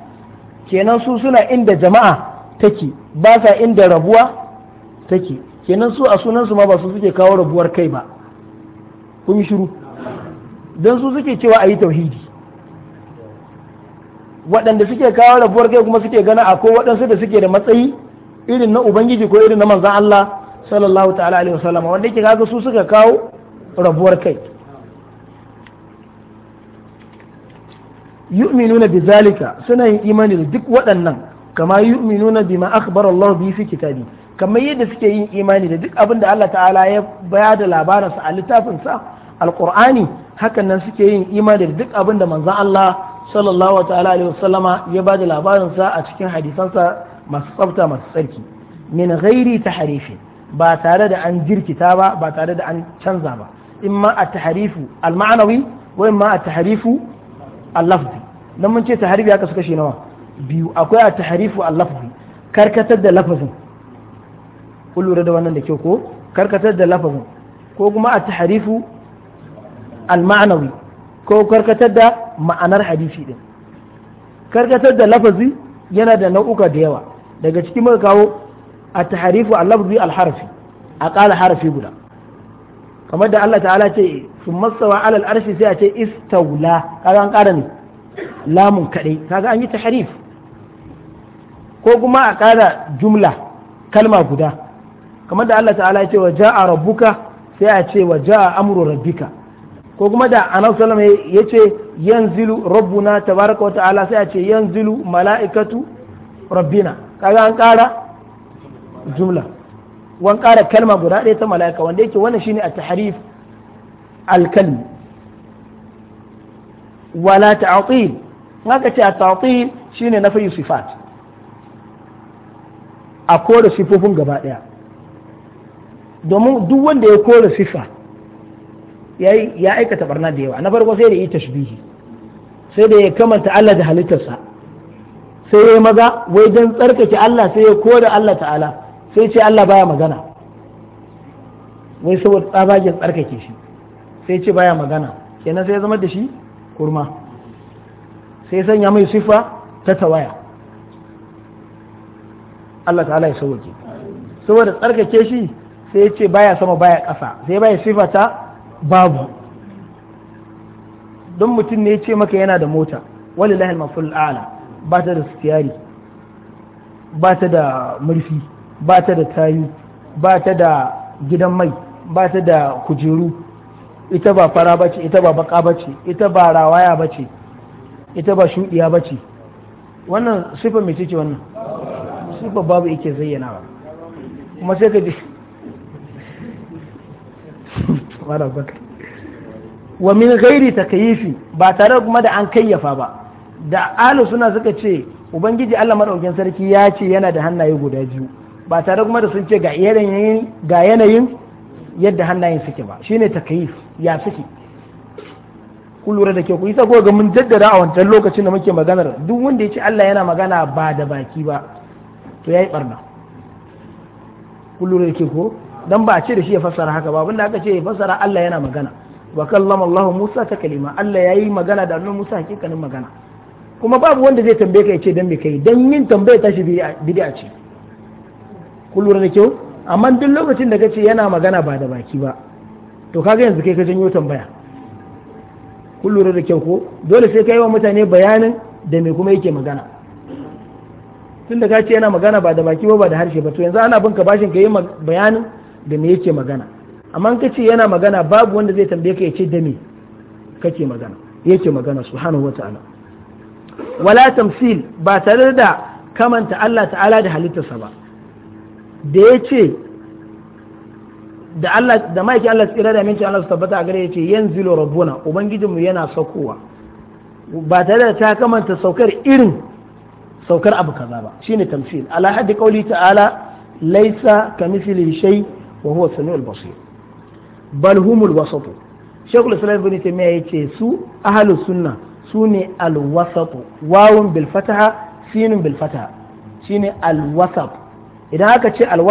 kenan su suna inda jama'a take ba sa inda rabuwa take kenan su a sunan su ma ba su suke kawo rabuwar kai ba kun shiru don su suke cewa a yi tauhidi waɗanda suke kawo rabuwar kai kuma suke gana a ko waɗansu da suke da matsayi irin na ubangiji ko irin na manzan Allah sallallahu ta'ala alaihi wanda yake kaga su suka kawo rabuwar kai yu'minuna bizalika suna yin imani da duk waɗannan kama yu'minuna bima akhbara Allah bi fi kitabi kamar yadda suke yin imani da duk abin da Allah ta'ala ya bayar da labarinsa a littafinsa alqur'ani hakan nan suke yin imani da duk abin da manzon Allah sallallahu ta'ala alaihi wasallama ya ba da labarin sa a cikin hadisansa masu tsafta masu tsarki min ghairi tahrifi ba tare da an jirkita ba ba tare da an canza ba In ma a tahrifu al-ma'nawi wa ma a tahrifu al-lafzi dan mun ce tahrifi haka suka shi nawa biyu akwai at-tahrifu al-lafzi karkatar da lafazin kun lura da wannan da kyau ko karkatar da lafazin ko kuma a tahrifu al-ma'nawi ko karkatar da ma'anar hadisi din karkatar da lafazi yana da nau'uka da yawa daga cikin muka kawo a taharifu a lafazi al-harfi a ƙala harfi guda kamar da Allah ta'ala ce sun masawa alal arshi sai a ce istaula kaga an ƙara ne lamun kaɗai kaga an yi taharif ko kuma a ƙara jumla kalma guda kamar da Allah ta'ala ce wa ja'a rabbuka sai a ce wa ja'a amru rabbika ko kuma da annabi ya ce yan zilu yanzilu rabbuna tabaraka wa ta'ala sai a ce yanzilu mala'ikatu rabbina kaga an kara jumla wan kara kalma guda ɗaya ta mala'ika wanda yake wannan shine a tahrif al-kalm wala ta'til haka ce shi tatil shine nafi sifat a kore sifofin gaba ɗaya domin duk wanda ya kore sifa ya aikata barna da yawa na farko sai da yi tashbihi sai da ya kamanta Allah da halittarsa sai ya maza wai don tsarkake Allah sai ya koda Allah ta'ala sai ce Allah baya magana wai saboda tsabagen tsarkake shi sai ce baya magana kenan sai ya zama da shi kurma sai sanya mai sifa ta tawaya Allah ta'ala ya sauke saboda tsarkake shi sai ce baya sama baya ƙasa sai baya sifa ta babu don mutum ne ya ce maka yana da mota wani lahil maful al'ala ba ta da sutiyari ba ta da murfi ba ta da tayi ba ta da gidan mai ba ta da kujeru ita ba fara bace ita ba baka bace ita ba rawaya bace ita ba shudiya bace wannan sifa mai ce wannan sifa babu yake ba kuma sai ka ji wa min ghairi takayifi ba tare kuma da an kayyafa ba da alu suna suka ce ubangiji Allah madaukakin sarki ya ce yana da hannaye guda biyu ba tare kuma da sun ce ga yanayin ga yanayin yadda hannayen suke ba shine takayif ya suke ku lura da ke ku isa ga mun jaddada a wancan lokacin da muke maganar duk wanda ya ce Allah yana magana ba da baki ba to yayi barna ku da ke ko dan ba a ce da shi ya fassara haka ba abin da aka ce ya fassara Allah yana magana wa kallama Allah Musa ta kalima Allah yayi magana da annabi Musa hakikanin magana kuma babu wanda zai tambaye ka ya ce dan me kai dan yin tambaya ta shi bid'a ce kun lura da kyau amma duk lokacin da kace yana magana ba da baki ba to kaga yanzu kai ka janyo tambaya kun lura da kyau ko dole sai ka yi wa mutane bayanin da me kuma yake magana tun da ka ce yana magana ba da baki ba ba da harshe ba to yanzu ana bin ka bashin ka yi bayanin da me yake magana amma ka ce yana magana babu wanda zai tambaye ka ya ce da me kake magana yake magana subhanahu wata'ala wala tamsil ba tare da kamanta Allah ta'ala da halittarsa ba da ya ce da Allah da maiki Allah tsira da minci Allah tabbata a gare yace ce yanzilu rabbuna ubangijinmu yana saukowa ba tare da ta kamanta saukar irin saukar abu kaza ba shine tamsil ala hadi qauli ta'ala laisa kamithlihi shay' wa huwa samiul basir bal humul wasatu shaykhul islam ibn yace su ahlus sunna su ne al wasatu wawun bil shine al idan aka ce al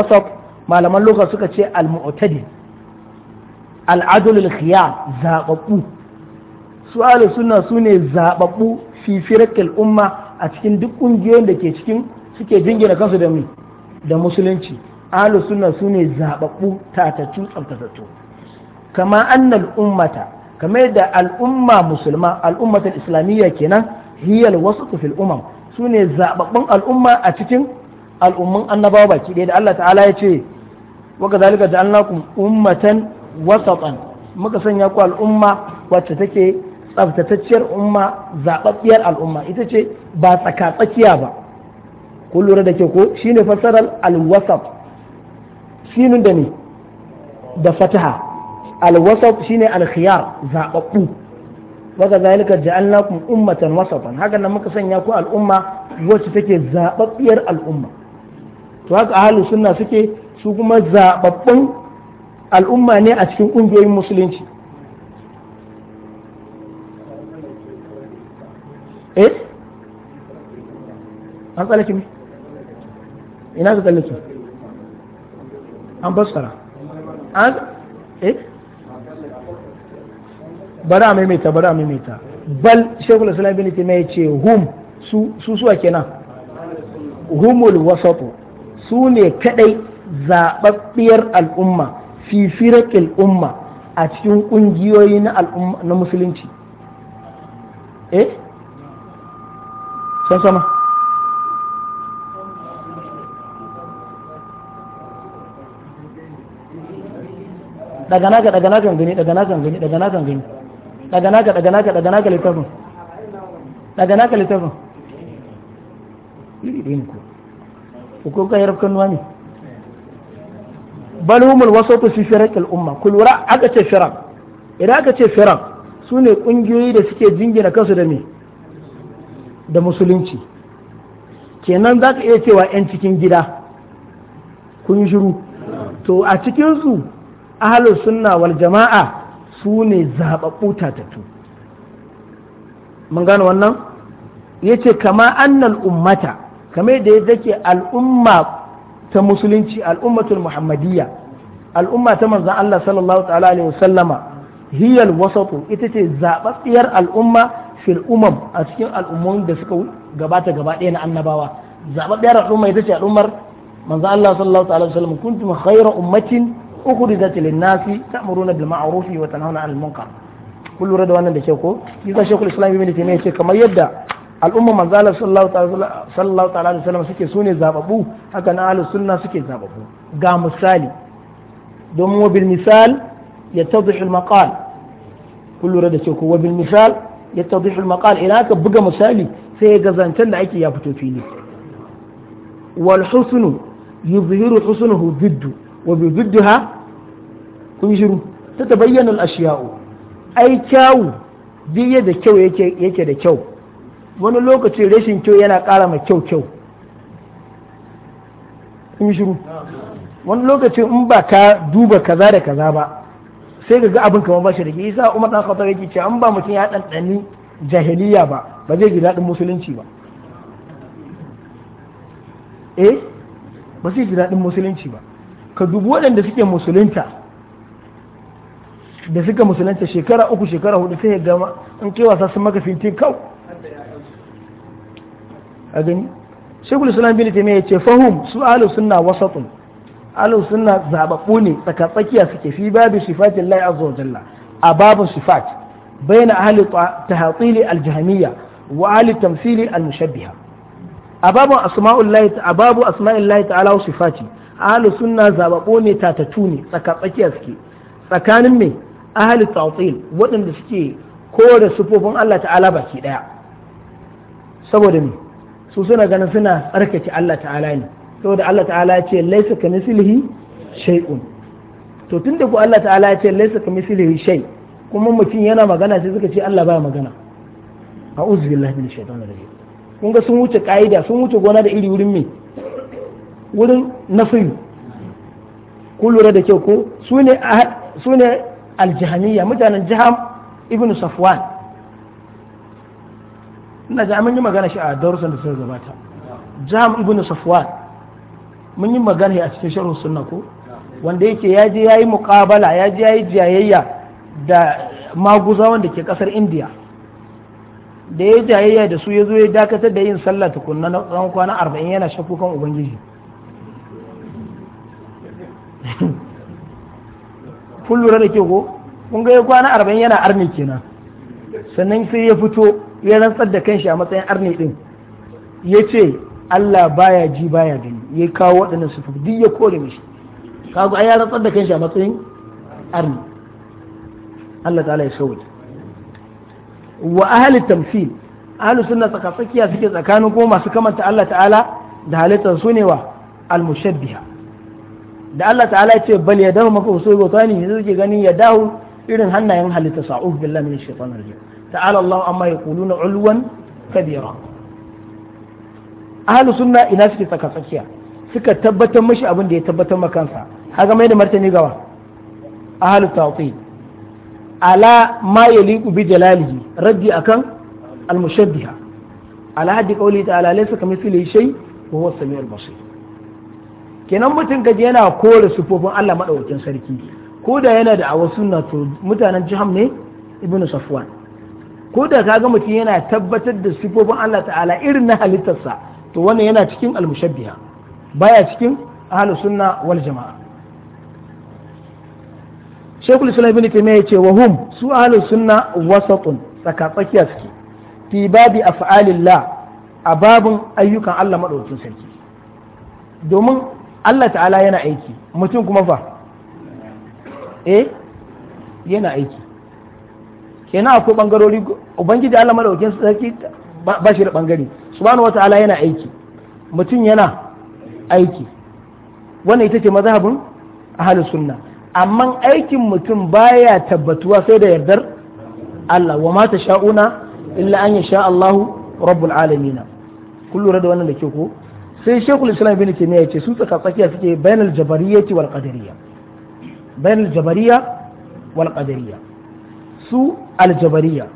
malaman lugha suka ce al mu'tadil al adl al khiyar zababbu su ahlus sunna su ne zababbu umma a cikin duk ƙungiyoyin da ke cikin suke jingina kansu da mu da musulunci ahlus sunna sune zababbu tatatu tsaftatattu kama annal ummata kamar da al'umma musulma al'ummata islamiyya kenan hiyal wasu fil umam sune zababbun al'umma a cikin al'ummin annabawa baki ɗaya da Allah ta'ala ya ce wa da ja'alnakum ummatan wasatan muka sanya ku al'umma wacce take tsaftatacciyar umma zababbiyar al'umma ita ce ba tsaka tsakiya ba kun lura da ke ko shine fassarar al-wasat sinun da ne da fataha alwasaf shine alkhiyar zababbu wa zalika ja'alnakum ummatan wasatan haka nan muka sanya ku al'umma wacce take zababbiyar al'umma to haka ahlus sunna suke su kuma zababbun al'umma ne a cikin kungiyoyin musulunci eh an tsallake ina ka tsallake an fassara an eh bari a maimaita bari a maimaita bal shekul islam bin tima ya ce hum su su suwa kenan humul wasatu su ne kadai zababbiyar al'umma fi firakil umma a cikin kungiyoyi na al'umma na musulunci eh san sama daga naka daga naka gani daga naka gani daga naka gani daga naka daga naka daga naka littafin daga naka littafin irin ku ko ga yarkan wani bal humul wasatu fi firaq al umma ku lura aka ce firaq idan aka ce su ne kungiyoyi da suke jingina kansu da me da musulunci kenan zaka iya cewa yan cikin gida kun yi shiru to a cikinsu. ahalus sunna wal jama'a su ne zaɓaɓɓu tatattu mun gano wannan ya ce kama annal ummata kamar da ya take al'umma ta musulunci al'ummatul muhammadiyya al'umma ta manzan Allah sallallahu alaihi wasallama hiyal wasatu ita ce zaɓaɓɓiyar al'umma fil umam a cikin al'ummomin da suka gabata gaba ɗaya na annabawa zaɓaɓɓiyar al'umma ita ce al'ummar manzan Allah sallallahu ta'ala alaihi wasallam kuntum khayra ummatin أخرجت للناس تأمرون بالمعروف وتنهون عن المنكر كل رد وانا بشوكو إذا شيخ الإسلام بمن تيمية شيخ كما يبدا الأمة من صلى الله تعالى صلى الله تعالى عليه وسلم سكي سوني زاببو حتى نعال السنة سكي زاببو قام السالي دوم وبالمثال يتضح المقال كل رد شوكو وبالمثال يتضح المقال إلاك بقى مسالي سيجزا انت لعيك يا بتوفيني والحسن يظهر حسنه ضد وبضدها kun shiru ta ta bayyana ashiyau ai kyawu duk da kyau yake da kyau wani lokaci rashin kyau yana ƙara ma kyau kyau kun shiru wani lokaci in ba ka duba kaza da kaza ba sai ka ga abin kamar ba shi da isa umar dan khattab yake cewa an ba mutum ya ɗanɗani jahiliya ba ba zai ji daɗin musulunci ba eh ba zai ji daɗin musulunci ba ka dubi waɗanda suke musulunta da suka musulunta shekara uku shekara hudu sai ya gama in kai wasa sun maka fintin kau a gani shekul islam bin taimiyya ya ce fahim su alu sunna wasatun alu sunna zababbu ne tsaka tsakiya suke fi babu sifatin lai azza wa jalla a babu sifat bayna ahli tahatili aljahmiyya wa ahli tamthili almushabbiha a babu asma'ullahi a babu asma'illahi ta'ala wa sifati ahlus sunna zababo ne tatatu ne tsaka tsakiya suke tsakanin me ahli tawtil waɗanda suke kore sufofin Allah ta'ala baki daya saboda ne su suna ganin suna tsarkake Allah ta'ala ne saboda Allah ta'ala ya ce laisa ka mislihi shay'un to tunda ku Allah ta'ala ya ce laisa ka mislihi shay kuma mutum yana magana sai suka ce Allah ba magana a'udhu billahi minash shaitanir rajim kun ga sun wuce ka'ida sun wuce gona da iri wurin me wurin nafi ku lura da kyau ko su ne su ne aljihamiya mutanen jiham ibn safwan ina ji mun yi magana shi a darussan da suka gabata jiham ibn safwan mun yi magana a cikin sharhu sunna ko wanda yake ya je ya yi ya je ya yi jayayya da maguza da ke ƙasar indiya da ya jayayya da su ya zo ya dakatar da yin sallah tukunna na tsawon kwana arba'in yana shafukan ubangiji kun lura da ke ko kun ga ya kwana arba'in yana arni kenan sannan sai ya fito ya rantsar da kanshi a matsayin arni din ya ce Allah baya ji baya gani ya kawo waɗannan sufu duk ya kore mishi kaga ai ya rantsar da kanshi a matsayin arni Allah ta'ala ya sauke wa ahli tamthil ahli sunna tsaka tsakiya suke tsakanin ko masu kamanta Allah ta'ala da halittar su ne wa al-mushabbiha da Allah ta'ala ya ce bal ya dahu maka usul gotani yanzu kike ganin ya dahu irin hannayen halitta sa'uf billahi min shaitanir rajim ta'ala Allah amma yaquluna ulwan kabira ahlus sunna ina suke tsaka tsakiya suka tabbatar mashi abin da ya tabbatar makansa haga mai da martani gawa ahlus tawqi ala ma yaliqu bi jalalihi raddi akan al-mushabbiha ala hadi qawli ta'ala laysa kamithlihi shay wa huwa as-sami'ul basir kenan mutum gaji yana kore sufofin Allah maɗaukakin sarki ko da yana da awa to mutanen jiham ne ibnu safwan ko da kaga mutum yana tabbatar da sufofin Allah ta'ala irin na halittarsa to wannan yana cikin almushabbiha baya cikin ahlus sunna wal jama'a shaykhul Islam Ibn Taymiyyah yace wa hum su ahlus sunna wasatun tsaka tsakiya suke fi babi af'alillah a babun ayyukan Allah madaukin sarki domin Allah ta'ala yana aiki mutum kuma fa eh yana aiki kenan akwai bangarori ubangiji Allah madaukakin sarki ba shi da bangare subhanahu wata'ala yana aiki mutum yana aiki wannan ita ce mazhabin ahlus sunna amma aikin mutum baya tabbatuwa sai da yardar Allah wa ma tasha'una illa an yasha Allahu rabbul alamin kullu lura da wannan da ke ko sai shekul islam bin ya ce su tsaka tsakiya suke bainal jabariyyati wal qadariyya bainal jabariya wal qadariyya su aljabariyya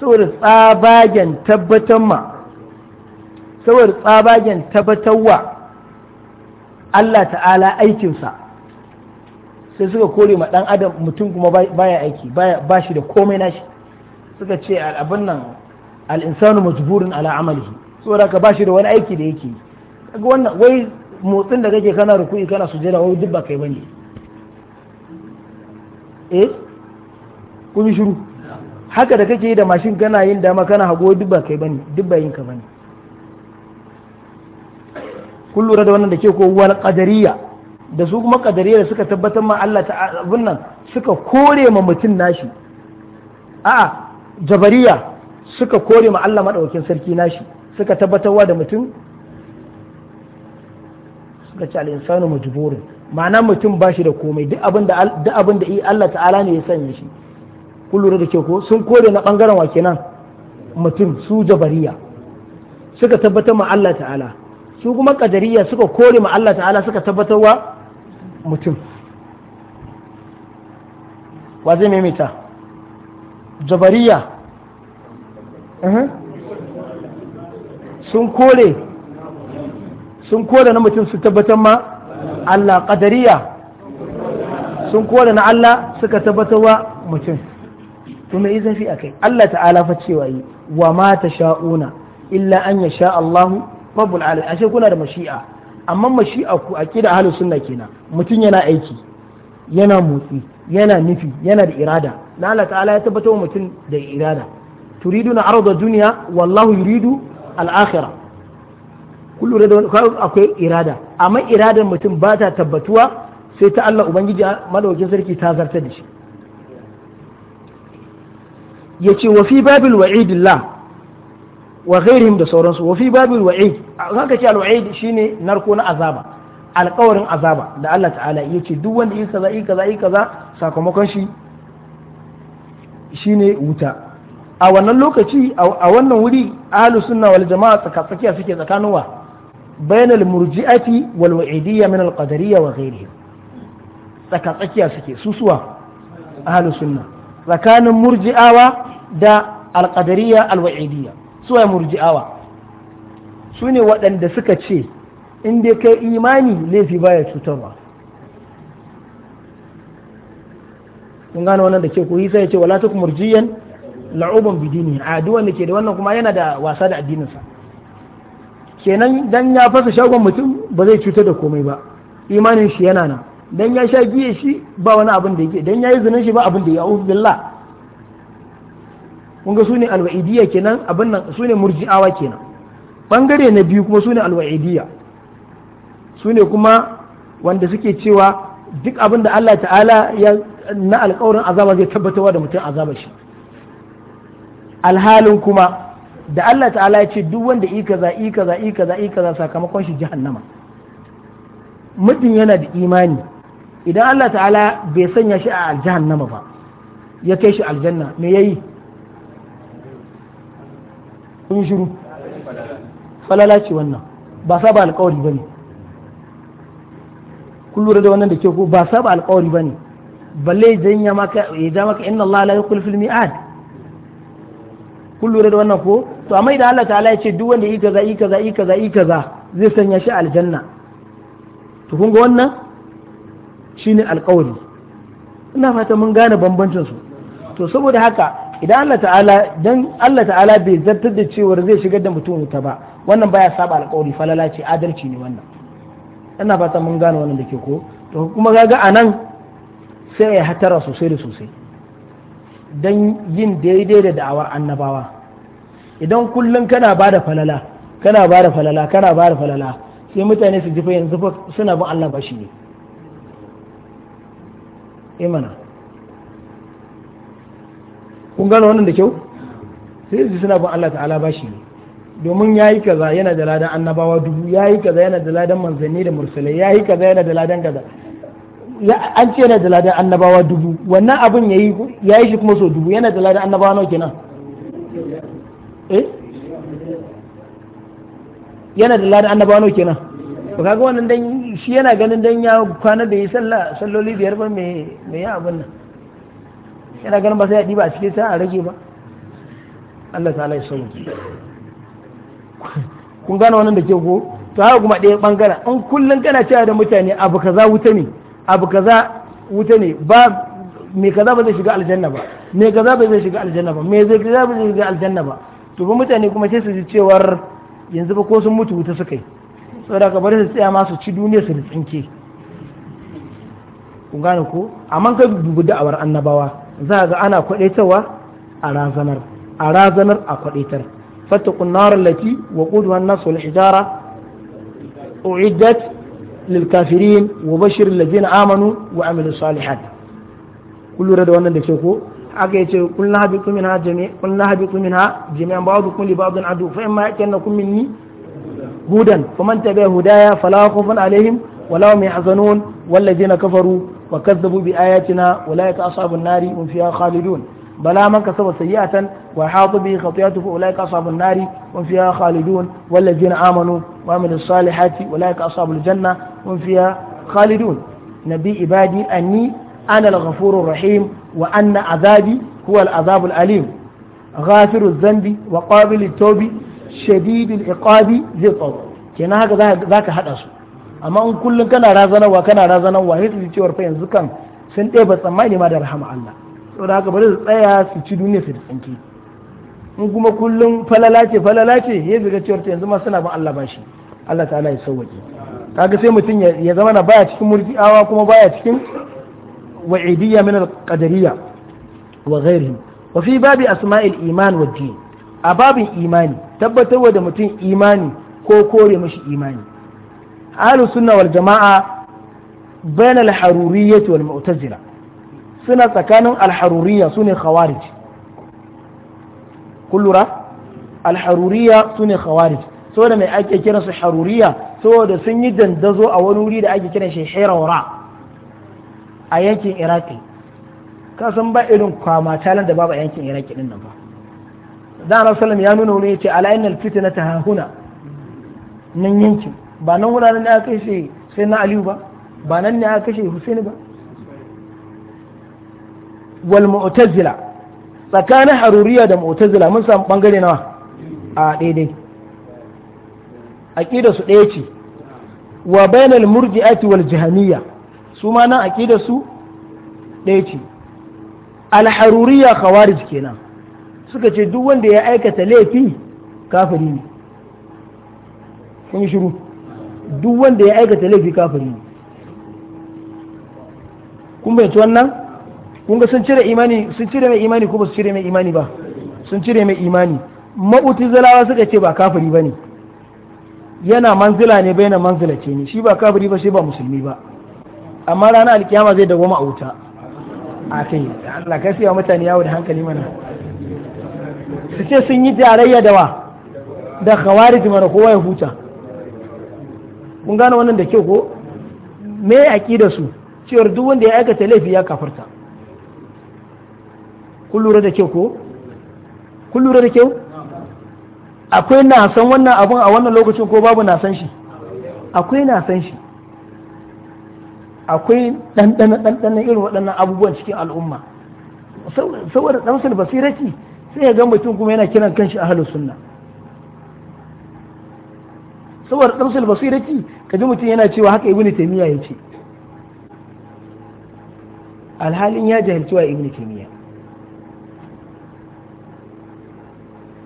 saboda tsabagen tabbatar ma saboda tsabagen tabbatarwa Allah ta'ala aikinsa sai suka kore ma dan adam mutum kuma baya aiki ba shi da komai nashi suka ce abin nan al-insanu majburun ala amalihi saboda ka ba shi da wani aiki da yake yi kaga wannan wai motsin da kake kana ruku'i kana sujada wai duk ba kai bane eh ku yi shiru haka da kake yi da mashin kana yin dama kana hago duk ba kai bane duk ba yin ka bane kun lura da wannan da ke ko wal qadariya da su kuma qadariya da suka tabbatar ma Allah ta'ala nan suka kore ma mutum nashi a'a jabariya suka kore ma Allah madaukakin sarki nashi suka tabbatarwa da mutum suka ce al-insanu majburun ma'ana mutum ba shi da komai duk abin da duk abin da Allah ta'ala ne ya sanya shi kun lura da ke ko sun kore na bangaren wa kenan mutum su jabariya suka tabbatar ma Allah ta'ala su kuma kadariya suka kore ma Allah ta'ala suka tabbatar wa mutum wa zai maimaita jabariya sun kore sun kore na mutum su tabbatar ma Allah qadariya sun kore na Allah suka tabbatar wa mutum to me izin fi akai Allah ta'ala fa cewa yi wa ma tasha'una illa an yasha Allahu rabbul alamin ashe kuna da mashi'a amma mashi'a ku aqida ahlus sunna kenan mutum yana aiki yana motsi yana nufi yana da irada na Allah ta'ala ya tabbatar wa mutum da irada turiduna arda dunya wallahu yuridu al-akhirah kun lura da wani akwai irada amma iradar mutum ba ta tabbatuwa sai ta Allah ubangiji madaukakin sarki ta zartar da shi yace wa fi babil wa'idillah wa ghairihim da sauransu wa fi babil wa'id haka ce al-wa'id shine narko na azaba alƙawarin azaba da Allah ta'ala yace duk wanda yi kaza yi kaza yi kaza sakamakon shi shine wuta a wannan lokaci a wannan wuri ahlus sunna wal jama'a suke tsakanin wa bayan al-murji'ati wal wa'idiyya min al-qadariyya wa ghairihim tsaka tsakiya suke susuwa ahlus sunna tsakanin murji'awa da al-qadariyya al-wa'idiyya suwaye murji'awa su ne waɗanda suka ce in dai kai imani laifi baya cutarwa kun gane wannan da ke ku sai ya wala tukum murjiyan la'uban bidini a duk wanda ke da wannan kuma yana da wasa da addininsa kenan dan ya fasa shagon mutum ba zai cutar da komai ba imanin shi yana nan dan ya sha giye shi ba wani abin da yake dan ya yi zinin shi ba abin da ya a'udhu billah kun ga sune alwa'idiyya kenan abin nan sune murji'awa kenan bangare na biyu kuma sune alwa'idiyya sune kuma wanda suke cewa duk abin da Allah ta'ala ya na alƙawarin azaba zai tabbatarwa da mutum azaba shi alhalin kuma da Allah ta'ala ya ce duk wanda i za, i za, i za, i za, sakamakon shi jahannama mutum yana da imani idan Allah ta'ala bai sanya shi a aljahannama ba ya kai shi aljanna me yayi kun shiru falala ce wannan ba saba alƙawari ne. kun lura da wannan da ke ko ba saba alƙawari ne. balle ya ja maka inna Allah la yukhlifu miad kun lura da wannan ko to amma idan Allah ta'ala ya ce duk wanda yi kaza yi kaza yi kaza yi kaza zai sanya shi aljanna to kun ga wannan shine alƙawari ina fata mun gane bambancin su to saboda haka idan Allah ta'ala dan Allah ta'ala bai zartar da cewar zai shigar da mutum wuta ba wannan baya saba alƙawari falala ce adalci ne wannan ina fata mun gane wannan da ke ko to kuma kaga anan sai ya hatara sosai da sosai don yin daidai da da'awar annabawa idan kullum kana ba da falala kana ba da falala kana ba da falala sai mutane su jifa yanzu suna bin Allah bashi ne imana eh kun gano wannan da kyau sai su suna bin Allah ta'ala bashi ne domin ya yi kaza yana da ladan annabawa dubu ya yi kaza yana da ladan manzanni da mursalai ya yi kaza yana da ladan kaza an ce yana da ladan annabawa dubu wannan abin ya yi shi kuma so dubu yana da ladan annabawa nawa kenan eh yana da ladan annabawa nauke kenan ba kaga wannan dan shi yana ganin dan ya kwana da yi sallah salloli biyar ba me me ya abin nan yana ganin ba sai ya diba a cikin sa a rage ba Allah ta'ala ya sauki kun gane wannan da ke ko to haka kuma ɗaya bangaren in kullum kana cewa da mutane abu kaza wuta ne abu kaza wuta ne ba me kaza ba zai shiga aljanna ba me kaza ba zai shiga aljanna ba me zai kaza ba zai shiga aljanna ba to ba mutane kuma sai su ji cewar yanzu ba ko sun mutu wuta suka yi saboda ka bari su tsaya ma su ci duniya su tsinke kun gane ko amma ka dubi da'awar annabawa za ga ana kwadaitawa a razanar a razanar a kwadaitar fattakun narar lati wa kudu an nasu hijara uiddat للكافرين وبشر الذين آمنوا وعملوا الصالحات كل رد وانا دكتور aka yace kun la habitu minha jami kun la habitu minha jami'an ba'dukum li ba'din adu fa imma yakannakum minni hudan faman tabi'a hudaya fala khawfun alaihim wala hum yahzanun walladhina kafaru wa kadzabu bi ayatina ulaika ashabun nari hum fiha khalidun بلا من كسب سيئة وحاط به خطيئته فأولئك أصحاب النار هم فيها خالدون والذين آمنوا وعملوا الصالحات أولئك أصحاب الجنة هم فيها خالدون نبي عبادي أني أنا الغفور الرحيم وأن عذابي هو العذاب الأليم غافر الذنب وقابل التوب شديد العقاب ذي الطول kenan haka za ka haɗa su amma in kullum kana razanarwa kana razanarwa sai su cewar yanzu kan sun ɗeba tsammani ma da rahama Allah saboda haka bari su tsaya su ci duniya su da tsanki in kuma kullum falala ce falala ce ya ga cewar yanzu ma suna bin Allah bashi Allah ta'ala ya sauwaƙe kaga sai mutum ya zama na baya cikin murji'awa kuma baya cikin wa'idiyya min al-qadariyya wa ghairihi wa fi babi asma'il iman wa din a babin imani tabbatarwa da mutum imani ko kore mashi imani ahlus sunna wal jama'a bain al-haruriyyah wal mu'tazila suna tsakanin al-haruriyya sune khawarij kullura al-haruriyya sune khawarij saboda mai ake kiran su haruriya saboda sun yi dandazo a wani wuri da ake kiran shi hiraura a yankin iraki ka san ba irin kwama talan da babu a yankin iraki din nan ba da na sallam ya nuna wani yace ala innal fitna tahahuna nan yankin ba nan wuraren da aka kashe sai na aliyu ba ba nan ne aka kashe husain ba wal mu'tazila tsakanin haruriya da mu'tazila mun samu bangare nawa a daidai aqida su ɗaya ce wa bainal murji'ati wal jahamiyya su ma nan aqida su ɗaya ce al-haruriyya khawarij kenan suka ce duk wanda ya aikata laifi kafiri ne kun shiru duk wanda ya aikata laifi kafiri ne kun bai wannan kun ga sun cire imani sun cire mai imani ko ba su cire mai imani ba sun cire mai imani zalawa suka ce ba kafiri ba ne yana manzila ne bai na manzila ce ne shi ba kafiri ba shi ba musulmi ba amma ranar alkiyama zai dawo a wuta a kai Allah ka siya mutane yawo da hankali mana su ce sun yi tarayya da wa da khawarij mana ko waye huta kun gane wannan da kyau ko me da su cewar duk wanda ya aikata laifi ya kafarta kun lura da kyau ko kun lura da kyau akwai na san wannan abun a wannan lokacin ko babu na san shi akwai na san shi akwai ɗanɗana irin waɗannan abubuwan cikin al'umma saboda sun basirati sai ya ga mutum kuma yana kiran kanshi a halin sunna saboda sun basirati ka ji mutum yana cewa haka ibini taimiyya ya ce alhalin ya jahilci wa ibini taimiyya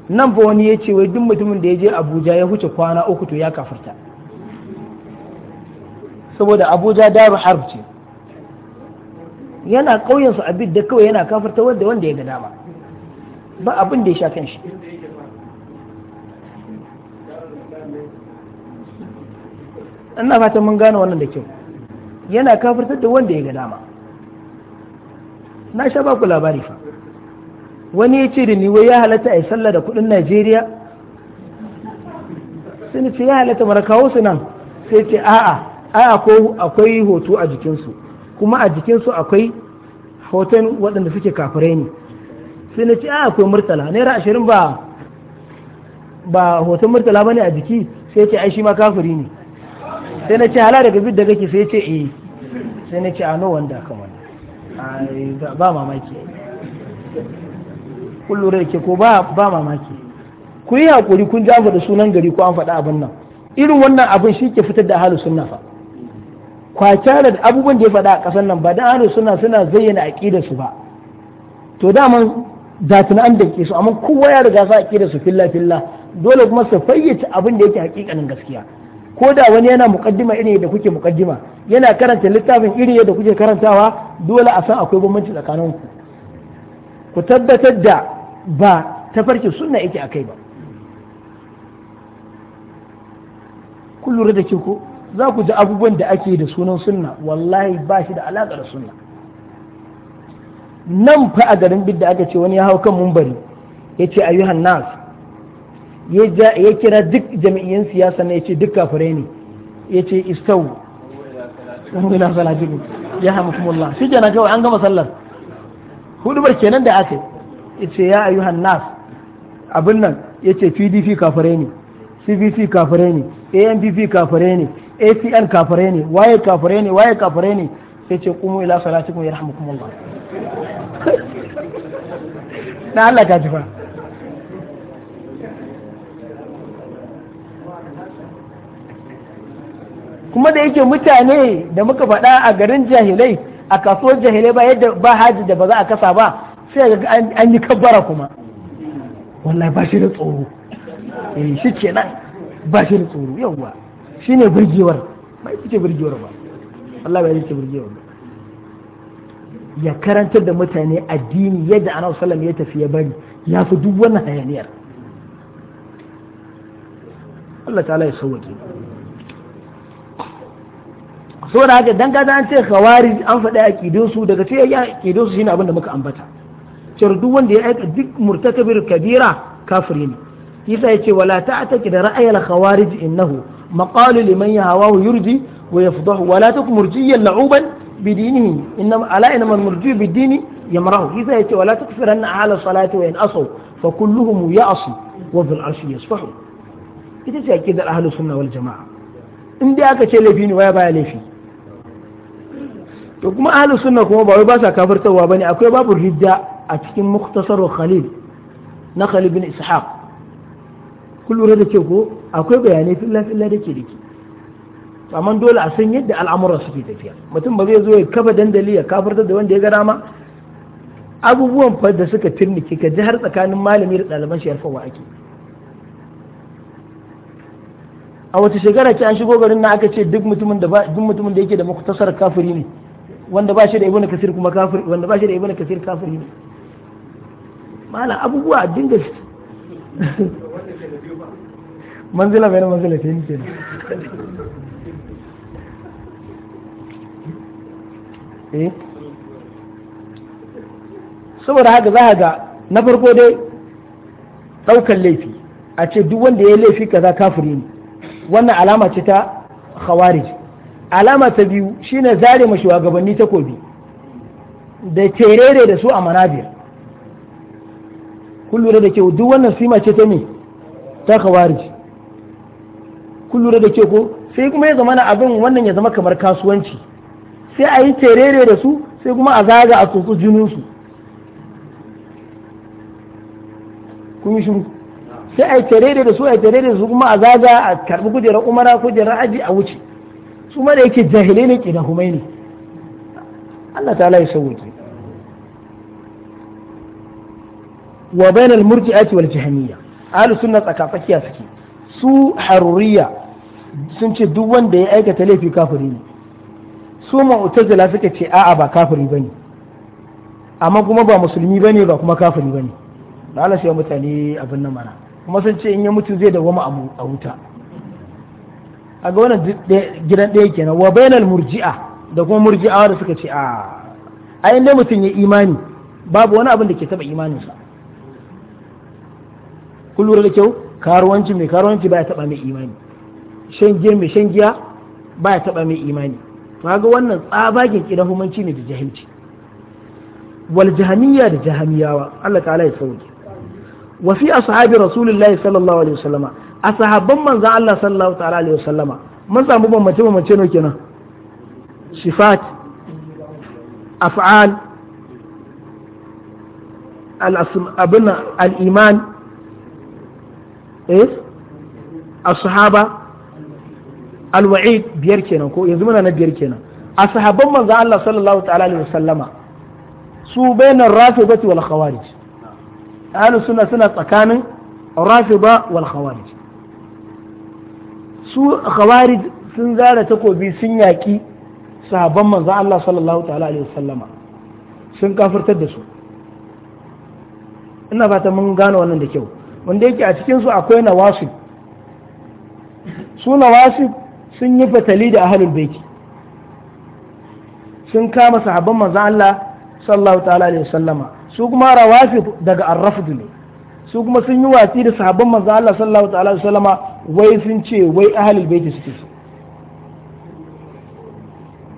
nan fa wani ya ce wai duk mutumin da ya je abuja ya huce kwana uku to ya kafarta saboda abuja daru harb ce yana ƙauyensu abin da kawai yana kafarta wanda wanda ya ga dama ba abin da ya sha kan shi ina fatan mun gane wannan da kyau yana kafartar da wanda ya ga dama na sha ba ku labari fa wani ya ce da ni wai ya halatta a yi sallah da kuɗin najeriya sai ni ce ya halatta mara kawo su nan sai ce a'a a'a ko akwai hoto a jikinsu kuma a jikinsu akwai hoton waɗanda suke kafirai ne sai na ce a'a akwai murtala naira ashirin ba ba hoton murtala bane a jiki sai ce ai shi ma kafiri ne sai na ce hala daga bid daga kake sai ce eh sai na ce a ah, no wanda kamar ba mamaki kun lura da ke ko ba ba mamaki ku yi hakuri kun jafa da sunan gari ko an faɗa abin nan irin wannan abin shi ke fitar da ahlus sunna fa kwakyara da abubuwan da ya faɗa a ƙasar nan ba da ahlus sunna suna zayyana aqidar su ba to daman da an da su amma kowa ya riga sa aqidar su filla filla dole kuma su fayyace abin da yake hakikanin gaskiya ko da wani yana mukaddima irin yadda kuke mukaddima yana karanta littafin irin yadda kuke karantawa dole a san akwai bambanci tsakanin ku ku tabbatar da ba ta farkin sunna yake a kai ba kun lura da ke ko za ku ji abubuwan da ake da sunan sunna wallahi ba shi da alaƙar sunna nan fa a garin bidda aka ce wani ya hau kan mumbari ya ce ayyuhan nas ya kira duk jami'in siyasa na ya ce duk kafirai ne ya ce istau ya Allah shi kenan kawai an gama sallar hudubar kenan da aka yi yace ya ayyuhan nas abin nan yace PDP kafare ne CVC kafare ne ANPP kafare ne ACN kafare ne waye kafare ne waye kafare ne sai ce kuma ila kuma ba na Allah ka jifa kuma da yake mutane da muka faɗa a garin jahilai a kasuwar jahilai ba yadda ba haji da ba za a kasa ba sai ga an yi kabbara kuma wallahi ba shi da tsoro eh shi kenan ba shi da tsoro yawwa shine burgewar ba ita ce burgewar ba Allah ba ita ce burgewar ba ya karanta da mutane addini yadda ana sallam ya tafi ya bari ya fi duk wannan hayaniyar Allah ta'ala ya sauwake saboda haka dan gada an ce khawari an faɗi a su daga ce ya kidinsu shine abin da muka ambata cewar wanda ya aika duk murtakabir kabira kafiri ne isa yace wala ta'taki da ra'ayal khawarij innahu maqalu liman yahawahu yurdi wa yafdahu wala takum murjiyan la'uban bidinihi innam ala inna man murji bidini yamrahu isa yace wala takfiranna ala salati wa in asu fa kulluhum ya'su wa fil arshi yasfahu ita ce akidar ahlus sunna wal jamaa in dai aka ce laifi ne waya baya laifi to kuma ahlus sunna kuma ba wai ba sa kafirtawa bane akwai babu ridda a cikin muktasarun khalil na khalil bin ishaq kun lura da ke ko akwai bayanai filla-filla da ke da ke amma dole a san yadda al'amuran suke tafiya mutum ba zai zo ya kafa dandali ya kafartar da wanda ya gara ma abubuwan fa da suka turnike ka ji har tsakanin malami da ɗaliban shi yarfawa ake a wata shekara ce an shigo garin na aka ce duk mutumin da duk mutumin da yake da muktasar kafiri ne wanda ba shi da ibnu kasir kuma kafiri wanda ba shi da ibnu kasir kafiri ne malam abubuwa a dinga shi manzila bai manzila ta yi ke eh saboda haka za a ga na farko dai ɗaukar laifi a ce duk wanda ya yi laifi kaza kafiri ne wannan alama ce ta khawarij alama ta biyu shine zare ma shugabanni takobi da terere da su a manabir kun da ke duk wannan sima ce ta me ta kawari kun da ke ko sai kuma ya zama na abin wannan ya zama kamar kasuwanci sai a yi terere da su sai kuma a zaga a tsotsi jinin su kun shi shiru sai a yi terere da su a yi terere da su kuma a zaga a karbi kujerar umara kujerar aji a wuce su ma da yake jahilai ne ke da humaini Allah ta ya sauke wa bainal murji'ati wal jahmiyya ahlus sunna tsaka tsakiya suke su haruriya sun ce duk wanda ya aikata laifi kafiri ne su mu'tazila suka ce a'a ba kafiri bane amma kuma ba musulmi bane ba kuma kafiri bane da Allah sai mutane abin nan mana kuma sun ce in ya mutu zai mu a wuta a ga wannan gidan ɗaya kenan wa bainal murji'a da kuma murji'a da suka ce a a inda mutum ya imani babu wani abin da ke taba imaninsa kun lura da kyau karuwanci mai karuwanci baya taba mai imani shan giya mai shan giya baya taba mai imani to ga wannan tsabagen kidan humanci ne da jahilci wal jahamiyya da jahamiyawa Allah ta'ala ya sauke wa fi ashabi rasulullahi sallallahu alaihi wasallama ashabban manzon Allah sallallahu ta'ala alaihi wasallama mun samu bambance bambance ne kenan sifat af'al al-asma abuna al-iman eh ashaba alwa'id biyar kenan ko yanzu muna na biyar kenan ashaban manzo Allah sallallahu ta'ala alaihi wasallama su bainar rafidati wal khawarij ahlus sunna suna tsakanin rafida wal khawarij su khawarij sun zara takobi sun yaki sahabban manzo Allah sallallahu ta'ala alaihi wasallama sun kafirtar da su ina fata mun gane wannan da kyau wanda yake a cikinsu akwai nawasib su nawasib sun yi fatali da ahalul baiti sun kama sahabban manzo Allah sallallahu ta'ala alaihi wasallama su kuma rawafid daga ar-rafd ne su kuma sun yi watsi da sahabban manzo Allah sallallahu ta'ala alaihi wasallama wai sun ce wai ahalul baiti suke so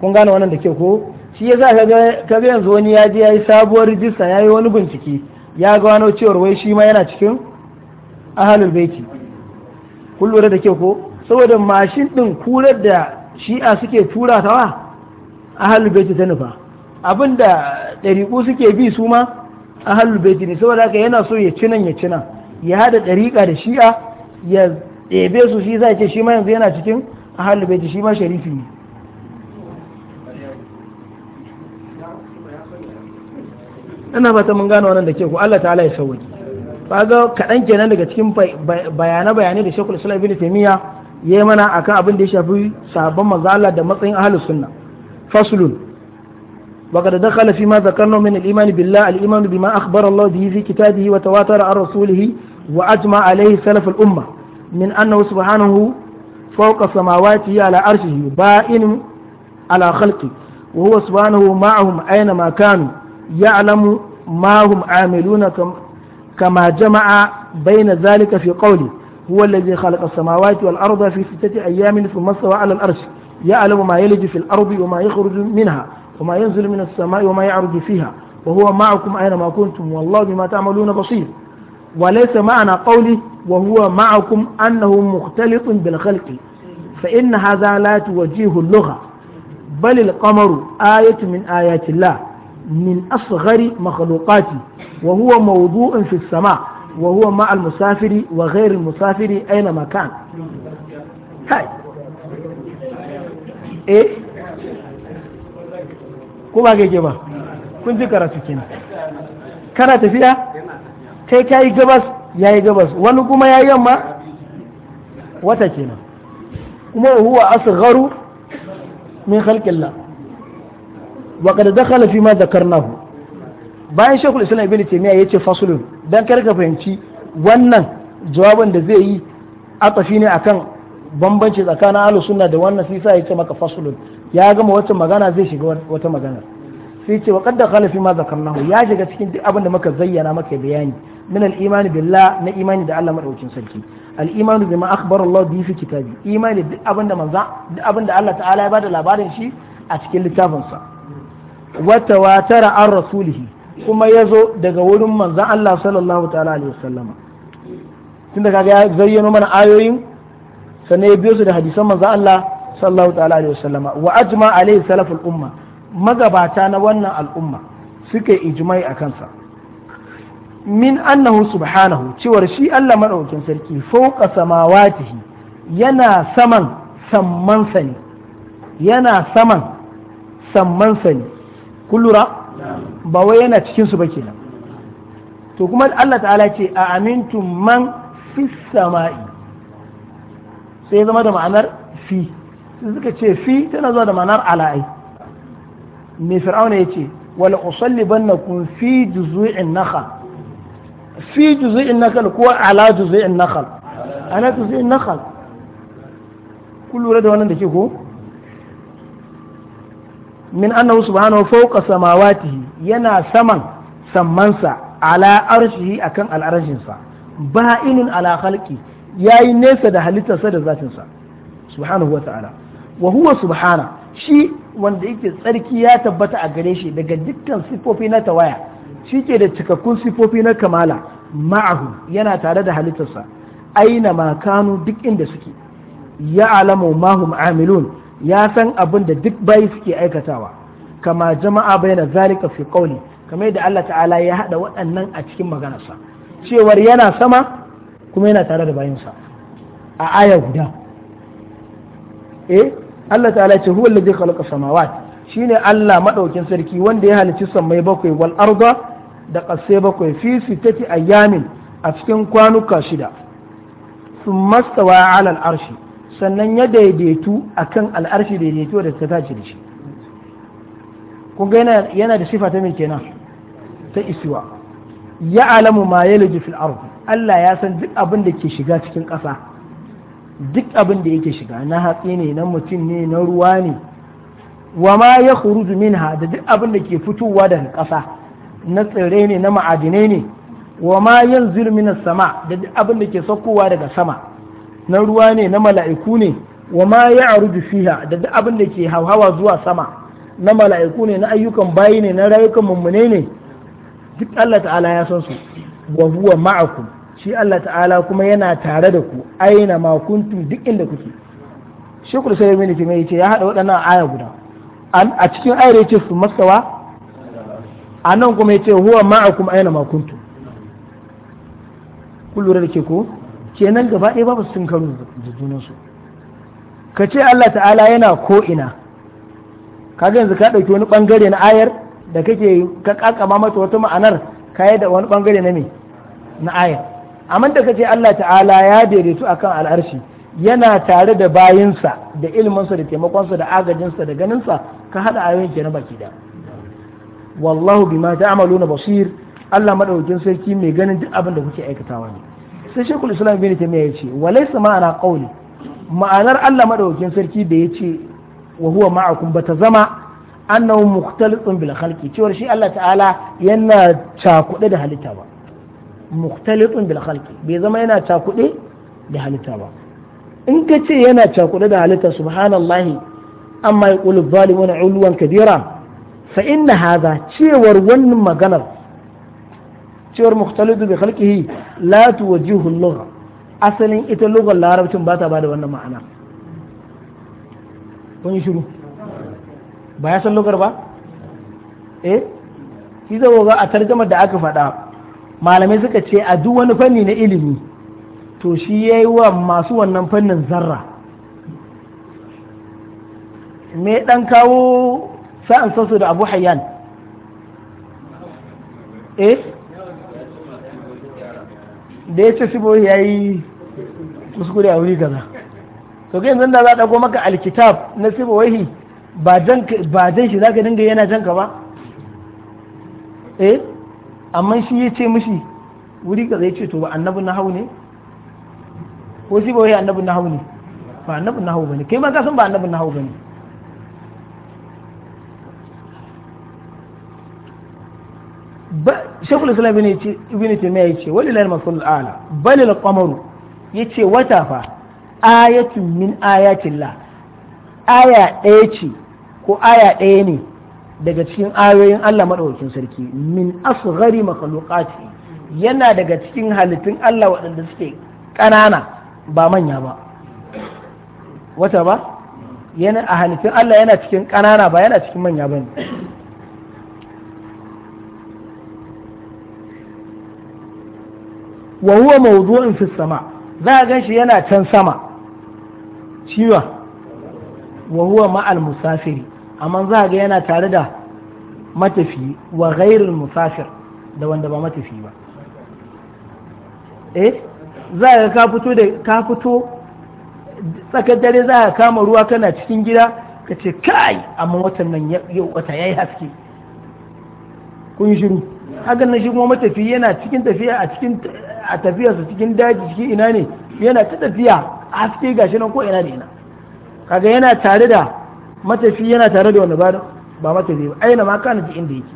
kun gane wannan da ke ko shi yasa kaga yanzu wani ya je ya yi sabuwar rijista ya yi wani bincike ya ga wani cewar wai shi ma yana cikin ahalul baiti kun lura da kyau ko saboda mashin din kurar da shi'a suke tura tawa ahalul baiti ta nufa abinda ɗariƙu suke bi su ma ahalul baiti ne saboda haka yana so ya cinan ya cinan ya hada ɗariƙa da shi'a ya ɗebe su shi za ce shi ma yanzu yana cikin ahalul baiti shi ma sharifi ne ina ba ta mun gane wannan da ke ku Allah ta'ala ya sauki ga kaɗan kenan daga cikin bayane bayanai da shekul islam ibn taimiyya ya yi mana akan abin da ya shafi sabon mazala da matsayin ahalus sunna faslun wa qad dakhala fi ma dhakarna min al-iman billah al-iman bima akhbara Allah bihi fi kitabihi wa tawatara an rasulihi wa ajma alayhi salaf al-umma min annahu subhanahu fawqa samawati ala arshihi ba'in ala khalqi wa huwa subhanahu ma'ahum aina ma kanu ya'lamu ma hum amiluna كما جمع بين ذلك في قوله هو الذي خلق السماوات والأرض في ستة أيام ثم استوى على الأرش يعلم ما يلج في الأرض وما يخرج منها وما ينزل من السماء وما يعرج فيها وهو معكم أينما كنتم والله بما تعملون بصير وليس معنى قوله وهو معكم أنه مختلط بالخلق فإن هذا لا توجيه اللغة بل القمر آية من آيات الله من أصغر مخلوقاته وهو موضوع في السماء وهو مع المسافر وغير المسافر أينما كان هاي إيه كما جيبا كنت كراتو كنا كانت فيها kai ka yi gabas ya yi gabas wani kuma ya yamma wata kenan kuma huwa asgharu min khalqillah wa qad dakhala fi ma dhakarnahu bayan shekul islam ibn taymiya ya ce fasulun dan kar ka fahimci wannan jawabin da zai yi atafi ne a kan bambanci tsakanin ahlus sunna da wannan sisa ya ce maka fasulun ya gama wata magana zai shiga wata magana sai ce wa qad dakhala fi ma zakarnahu ya shiga cikin duk abin da muka zayyana maka bayani min al imani billah na imani da Allah madaukakin sarki al imani bima akhbara Allah bi fi kitabi imani duk abin da duk abin Allah ta'ala ya bada labarin shi a cikin littafinsa wata watara an rasulihi kuma ya zo daga wurin manzan Allah sallallahu ta'ala alaihi wasallama tun da kaga ya zayyano mana ayoyin sannan ya biyo su da hadisan manzan Allah sallallahu ta'ala alaihi wasallama wa ajma alaihi salaful umma magabata na wannan al'umma suka yi ijma'i a kansa min annahu subhanahu cewar shi Allah madaukakin sarki fawqa samawatihi yana saman samman sani yana saman samman kullura ba wai yana cikinsu ba ke nan to kuma Allah ta'ala ce a amintum man fi sama'i sai zama da ma'anar fi sai suka ce fi tana zuwa da ma'anar ala'ai mai fir'auna ya ce wala kun fi juzu'in nakha fi juzu'in nakal ko ala juzu'in nakal ala juzu'in nakal ku lura da wannan da ke ko min annahu subhanahu fawqa samawatihi yana saman sammansa ala arshihi akan al'arshinsa ba'inun ala khalqi yayi nesa da halittarsa da zatinsa subhanahu wa ta'ala wa huwa subhana shi wanda yake tsarki ya tabbata a gare shi daga dukkan sifofi na tawaya shi da cikakkun sifofi na kamala ma'ahu yana tare da halittarsa aina ma kanu duk inda suke ya alamu mahum amilun ya san abin da duk bayi suke aikatawa kama jama'a bayyana zalika fi qawli kamar yadda Allah ta'ala ya haɗa waɗannan a cikin maganarsa cewar yana sama kuma yana tare da bayinsa a aya guda eh Allah ta'ala ya ce huwa alladhi khalaqa samawat shine Allah madaukin sarki wanda ya halicci sammai bakwai wal arda da qasse bakwai fi sittati ayyamin a cikin kwanuka shida sun 'ala al arshi sannan ya daidaitu a akan al'arshi daidaito da ta tace da shi kun ga yana da sifa ta mai kenan ta isuwa ya alamu ma ya fil Allah ya san duk abin da ke shiga cikin ƙasa duk abin da yake shiga na hatsi ne na mutum ne na ruwa ne wa ma ya khuruju minha da duk abin da ke fitowa daga ƙasa na tsirrai ne na ma'adinai ne wa ma yanzilu minas sama da duk abin da ke saukowa daga sama na ruwa ne na mala'iku ne wa ma arudu fiha da duk abin da ke hauhawa zuwa sama na mala'iku ne na ayyukan bayi ne na rayukan mummune ne duk Allah ta'ala ya san su wa huwa ma'akum shi Allah ta'ala kuma yana tare da ku aina ma kuntum duk inda kuke shi ku sai mini kime yace ya hada waɗannan aya guda a cikin ayar yace su masawa anan kuma yace huwa ma'akum aina ma kuntum kullu da ke ko kenan gaba ɗaya babu sun karo da junansu ka ce Allah ta'ala yana ko ina kaga yanzu ka ɗauki wani ɓangare na ayar da kake ka ƙaƙama mata wata ma'anar ka yi da wani ɓangare na me na ayar amma da ka ce Allah ta'ala ya daidaitu akan al'arshi yana tare da bayinsa da ilminsa da taimakonsa da agajinsa da ganinsa ka haɗa ayoyin na baki da wallahu bima ta'maluna basir Allah maɗaukin sarki mai ganin duk abin da kuke aikatawa ne sai shekul islam bin tamiya ya ce walaysa ma'ana qawli ma'anar Allah madaukakin sarki da ya ce wa huwa ma'akum bata zama annahu mukhtalitun bil khalqi cewar shi Allah ta'ala yana cakuɗe da halitta ba mukhtalitun bil khalqi bai zama yana cakuɗe da halitta ba in ka ce yana cakuɗe da halitta subhanallahi amma yaqulu zalimuna ulwan kabira fa inna hadha cewar wannan maganar cewar mukhtalidu bi khalqihi la tuwajjihu lugha asalin ita lugar larabcin ba ta bada wannan ma'ana kun yi shiru ba ya san lugar ba eh shi zai ga a tarjamar da aka faɗa malamai suka ce a duk wani fanni na ilimi to shi ya yi wa masu wannan fannin zarra me dan kawo sa'an sasu da abu hayyan eh da ya ce sibo ya yi kuskure a wuri gaza to ga yanzu da za a ɗago maka alkitab na sibo wahi ba jan shi za ka dinga yana janka ba eh amma shi ya ce mishi wuri gaza ya ce to ba annabi na hau ne ko sibo wahi annabi na hau ne ba annabi na hau ba ne kai ma ka san ba annabi na hau ba ne shekul islam ibn taymiya wani walillahi masalul ala da al qamaru ce wata fa ayatun min ayatillah aya ɗaya ce ko aya ɗaya ne daga cikin ayoyin Allah maɗaukin sarki min asu gari makhluqati yana daga cikin halittun Allah waɗanda suke ƙanana ba manya ba wata ba yana a halittun Allah yana cikin ƙanana ba yana cikin manya ba ne wa huwa mawdu'un fi sama za a ganshi yana can sama ciwa wa huwa ma'al musafiri amma za a ga yana tare da matafi wa ghairul musafir da wanda ba matafi ba eh za ga ka fito da ka fito tsakar dare za ka kama ruwa kana cikin gida ka ce kai amma watan nan yau wata yayi haske kun shiru hakan na shi kuma matafi yana cikin tafiya a cikin a tafiya su cikin daji ciki ina ne yana ta tafiya a haske gashi nan ko ina da ina kaga yana tare da matafi yana tare da wanda ba ba matafi ba aina ma kana ji inda yake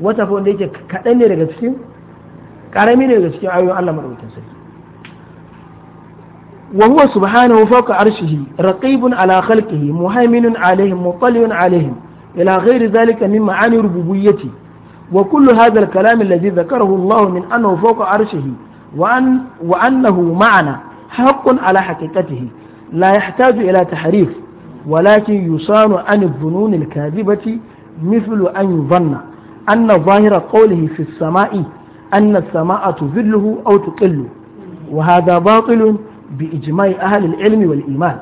wata fa wanda yake kaɗan ne daga cikin karami ne daga cikin ayoyin Allah madaukakin sarki wa huwa subhanahu fawqa arshihi raqibun ala khalqihi muhaiminun alaihim mutalliun alaihim ila ghairi zalika mimma ma'ani rububiyyati وكل هذا الكلام الذي ذكره الله من أنه فوق عرشه وأن وأنه معنا حق على حقيقته لا يحتاج إلى تحريف ولكن يصان عن الظنون الكاذبة مثل أن يظن أن ظاهر قوله في السماء أن السماء تذله أو تقله وهذا باطل بإجماع أهل العلم والإيمان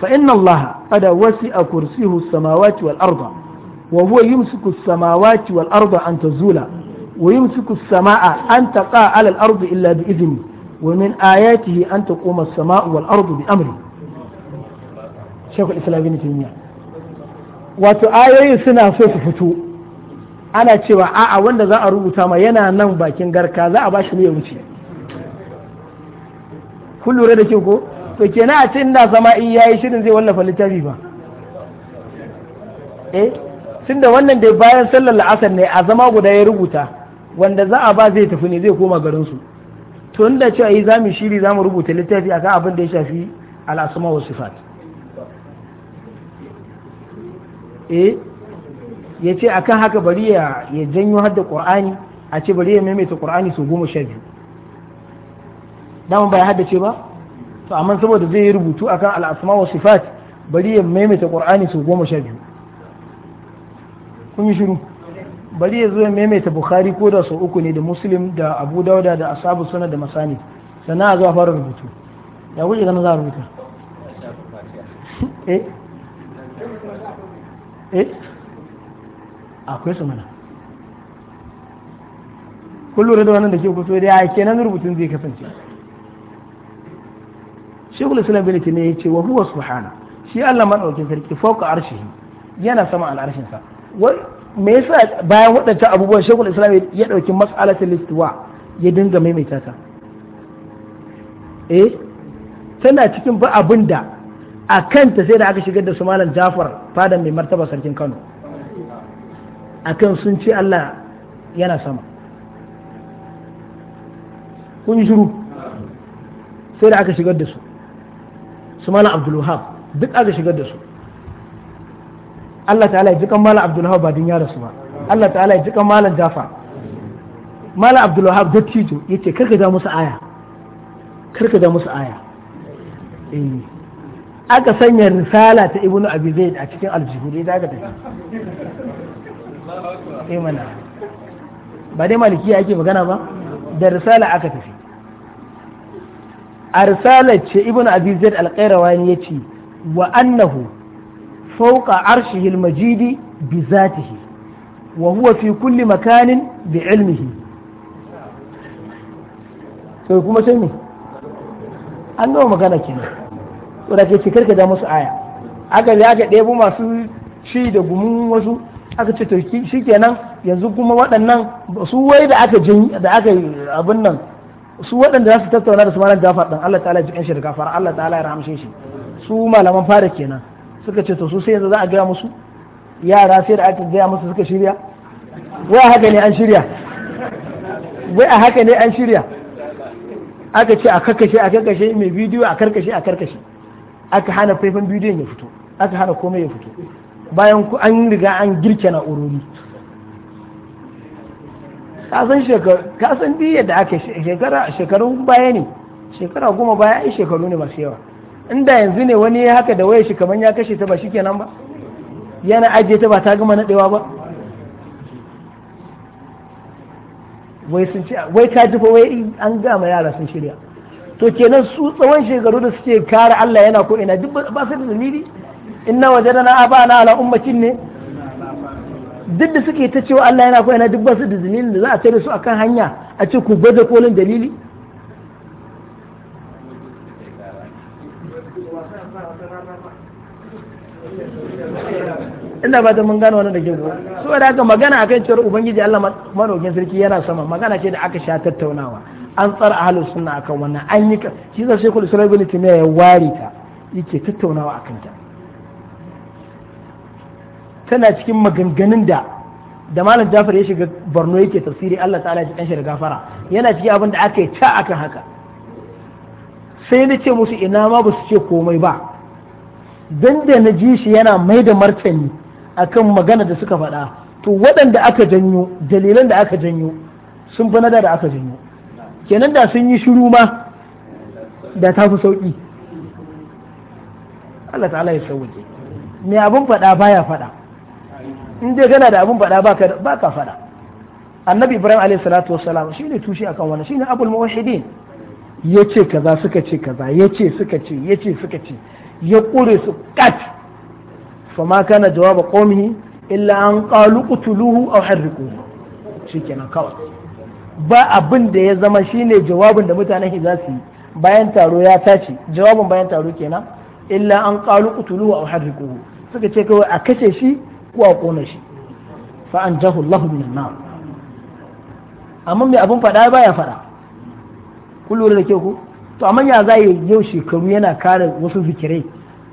فإن الله قد وسع كرسيه السماوات والأرض وهو يمسك السماوات والأرض أن تزولا ويمسك السماء أن تقع على الأرض إلا بإذنه ومن آياته أن تقوم السماء والأرض بأمره شيخ الإسلام بن تيمية wato ayoyi suna so su fito ana cewa a'a wanda za a rubuta ma yana nan bakin garka za a bashi ne ya wuce kun lura da ke ko to kenan a ce ina zama in yayi shirin zai wallafa littafi ba eh tunda wannan da bayan sallar la'asar ne a zama guda ya rubuta wanda za a ba zai tafi ne zai koma garin su tun da cewa yi zamu shiri zamu rubuta littafi akan abin da ya shafi al'asma wa sifat eh ya ce akan haka bari ya janyo hadda qur'ani a ce bari ya maimaita qur'ani su goma sha biyu daman bai haddace ba to amma saboda zai yi rubutu akan al'asma wa sifat bari ya maimaita qur'ani su goma sha biyu kun yi shiru bari ya zo ya maimaita bukhari ko da sau uku ne da muslim da abu dauda da asabu suna da masani sannan a zuwa fara rubutu ya wuce ganin za a rubuta eh eh akwai su mana kullu da wannan da ke kuso da ya kenan rubutun zai kasance kula islam bin ne ya ce wa huwa subhana shi allah ɗauki sarki fauka arshi yana sama al'arshinsa me yasa bayan waɗancan abubuwan shekul islam ya ɗauki mas'alatul istiwa ya dinga maimaita ta eh tana cikin ba abin da a kanta sai da aka shigar da su malam jafar fadan mai martaba sarkin kano a kan sun ce allah yana sama kun shuru sai da aka shigar da su su malam abdulwahab duk aka shigar da su Allah ta'ala ya ji kan malam Abdulhab ba din ya rasu ba Allah ta'ala ya ji kan malam Jafa malam Abdulhab dattijo yace karka da musu aya karka da musu aya eh aka sanya risala ta Ibn Abi Zaid a cikin aljihu da aka tafi eh mana ba dai maliki ake magana ba da risala aka tafi a risalar ce ibn abi zaid al-qayrawani yace wa annahu fauka arshihil majidi bi zatihi wa huwa fi kulli makanin bi ilmihi sai kuma sai ne an gama magana kenan wadda ke cikar ka da musu aya aka zai aka ɗebo masu ci da gumin wasu aka ce to shi kenan yanzu kuma waɗannan su wai da aka jin da aka yi abin nan su waɗanda za su tattauna da su malam jafar ɗin Allah ta'ala jikin shi da gafara Allah ta'ala ya rahamshe shi su malaman fara kenan suka ce to su sai yanzu za a gaya musu yara sai da aka gaya musu suka shirya wai a haka ne an shirya wai a haka ne an shirya aka ce a karkashe a karkashe mai bidiyo a karkashe a karkashe aka hana faifan bidiyon ya fito aka hana komai ya fito bayan an riga an girke na ururi ka san shekaru ka san da aka shekara shekarun baya ne shekara goma baya ai shekaru ne masu yawa inda yanzu ne wani ya haka da waya shi kamar ya kashe ta ba shi kenan ba yana ajiye ta ba ta gama nadewa ba wai sun ce wai ta jifa wai an gama yara sun shirya to kenan su tsawon shekaru da suke kare Allah yana ko ina duk ba su da dalili inna wajadana abana ala ummatin ne duk da suke ta cewa Allah yana ko ina duk ba su da dalilin da za a tare su akan hanya a ce ku gwada kolin dalili ina ba ta mun gano wani da ke ko da haka magana akan cewar ubangiji Allah madaukin sarki yana sama magana ce da aka sha tattaunawa an tsara ahlus sunna akan wannan an yi ka shi da shekul islam ibn ya ware ta yake tattaunawa akan ta tana cikin maganganun da da malam Jafar ya shiga Borno yake tafsiri Allah ta'ala ya kanshi da gafara yana cikin abin da aka yi ta akan haka sai na ce musu ina ma ba su ce komai ba dan da na ji shi yana mai da martani akan magana da suka faɗa to waɗanda aka janyo dalilan da aka janyo sun fi nada da aka janyo kenan da sun yi shiru ma da ta fi sauƙi Allah ta'ala ya sauke me abin faɗa baya faɗa in dai gana da abin faɗa ba ka faɗa annabi ibrahim alayhi salatu wassalam shine tushe akan wannan shine abul muwahhidin yace kaza suka ce kaza yace suka ce yace suka ce ya ƙure su kat فما كان جواب قومه إلا أن قالوا قتلوه أو حرقوه shikenan kawai ba abin da ya zama shine jawabin da mutane hiza su yi bayan taro ya tace jawabin bayan taro kenan illa an suka ce kawai a kashe shi ko a kona shi fa jahu lahu minan nar amma mai abin fada baya fada Ku lura da ke ku to amma ya zai yau shekaru yana kare wasu zikirai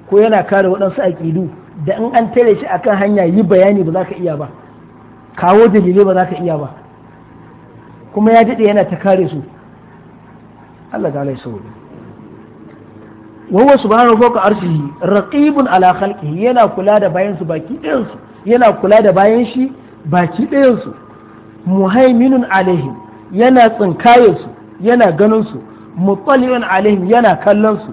ko yana kare waɗansu aƙidu da in an tare shi akan hanya yi bayani ba za ka iya ba kawo dalilai ba za ka iya ba kuma ya daɗe yana ta kare su Allah ta alai sauri wawa subhanahu fawqa arshihi raqibun ala khalqihi yana kula da bayan su baki ɗayan su yana kula da bayan shi baki ɗayan su muhaiminun alaihim yana tsinkaye su yana ganin su mutsaliyun alaihim yana kallon su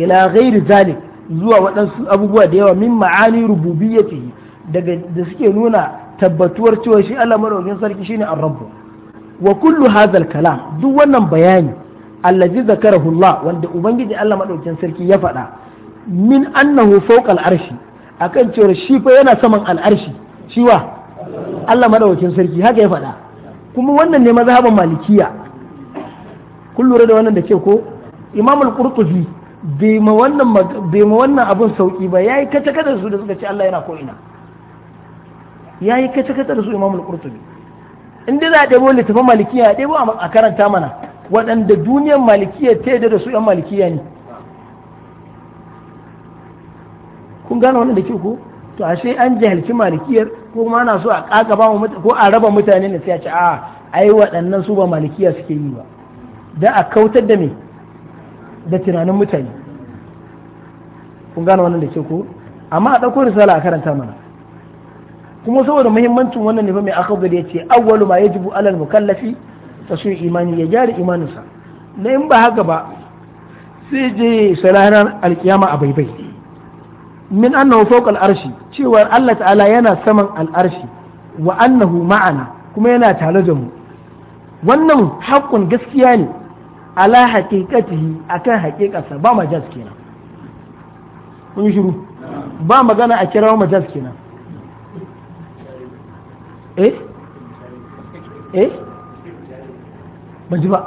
ila ghairi zalik zuwa waɗansu abubuwa da yawa min ma'ani rububiyyati daga da suke nuna tabbatuwar cewa shi Allah madaukakin sarki shine ar-rabb wa kullu hadha kalam duk wannan bayani allazi zakarahu Allah wanda ubangiji Allah madaukakin sarki ya faɗa min annahu fawqa al-arshi akan cewa shi fa yana saman al-arshi shi wa Allah madaukakin sarki haka ya faɗa kuma wannan ne mazhaban malikiya kun da wannan da ke ko imamul qurtubi bai ma wannan abin sauƙi ba ya yi kace kada su da suka ce Allah yana ko ina ya yi kace kada da su imamul qurtubi in dai za a ɗebo littafin malikiya a ɗebo a karanta mana waɗanda duniyar malikiya ta da su yan malikiya ne kun gane wannan da ke ko to ashe an jahilci malikiyar ko kuma ana so a kagaba ko a raba mutane ne sai a ce a ah, ai waɗannan su ba malikiya suke yi ba da a kautar da me da tunanin mutane kun gane wannan da ke ko amma a ɗauko risala a karanta mana kuma saboda muhimmancin wannan ne fa mai akhbar ya ce awwalu ma yajibu alal mukallafi tasu imani ya gyara imaninsa na in ba haka ba sai je sararar alkiyama a baibai min annahu fawqa arshi cewa Allah ta'ala yana saman al'arshi wa annahu ma'ana kuma yana tare da mu wannan haƙƙun gaskiya ne ala a akan haƙiƙarsa ba majaz kenan kun yi shiru ba magana a kira majaz kenan eh eh ban ji ba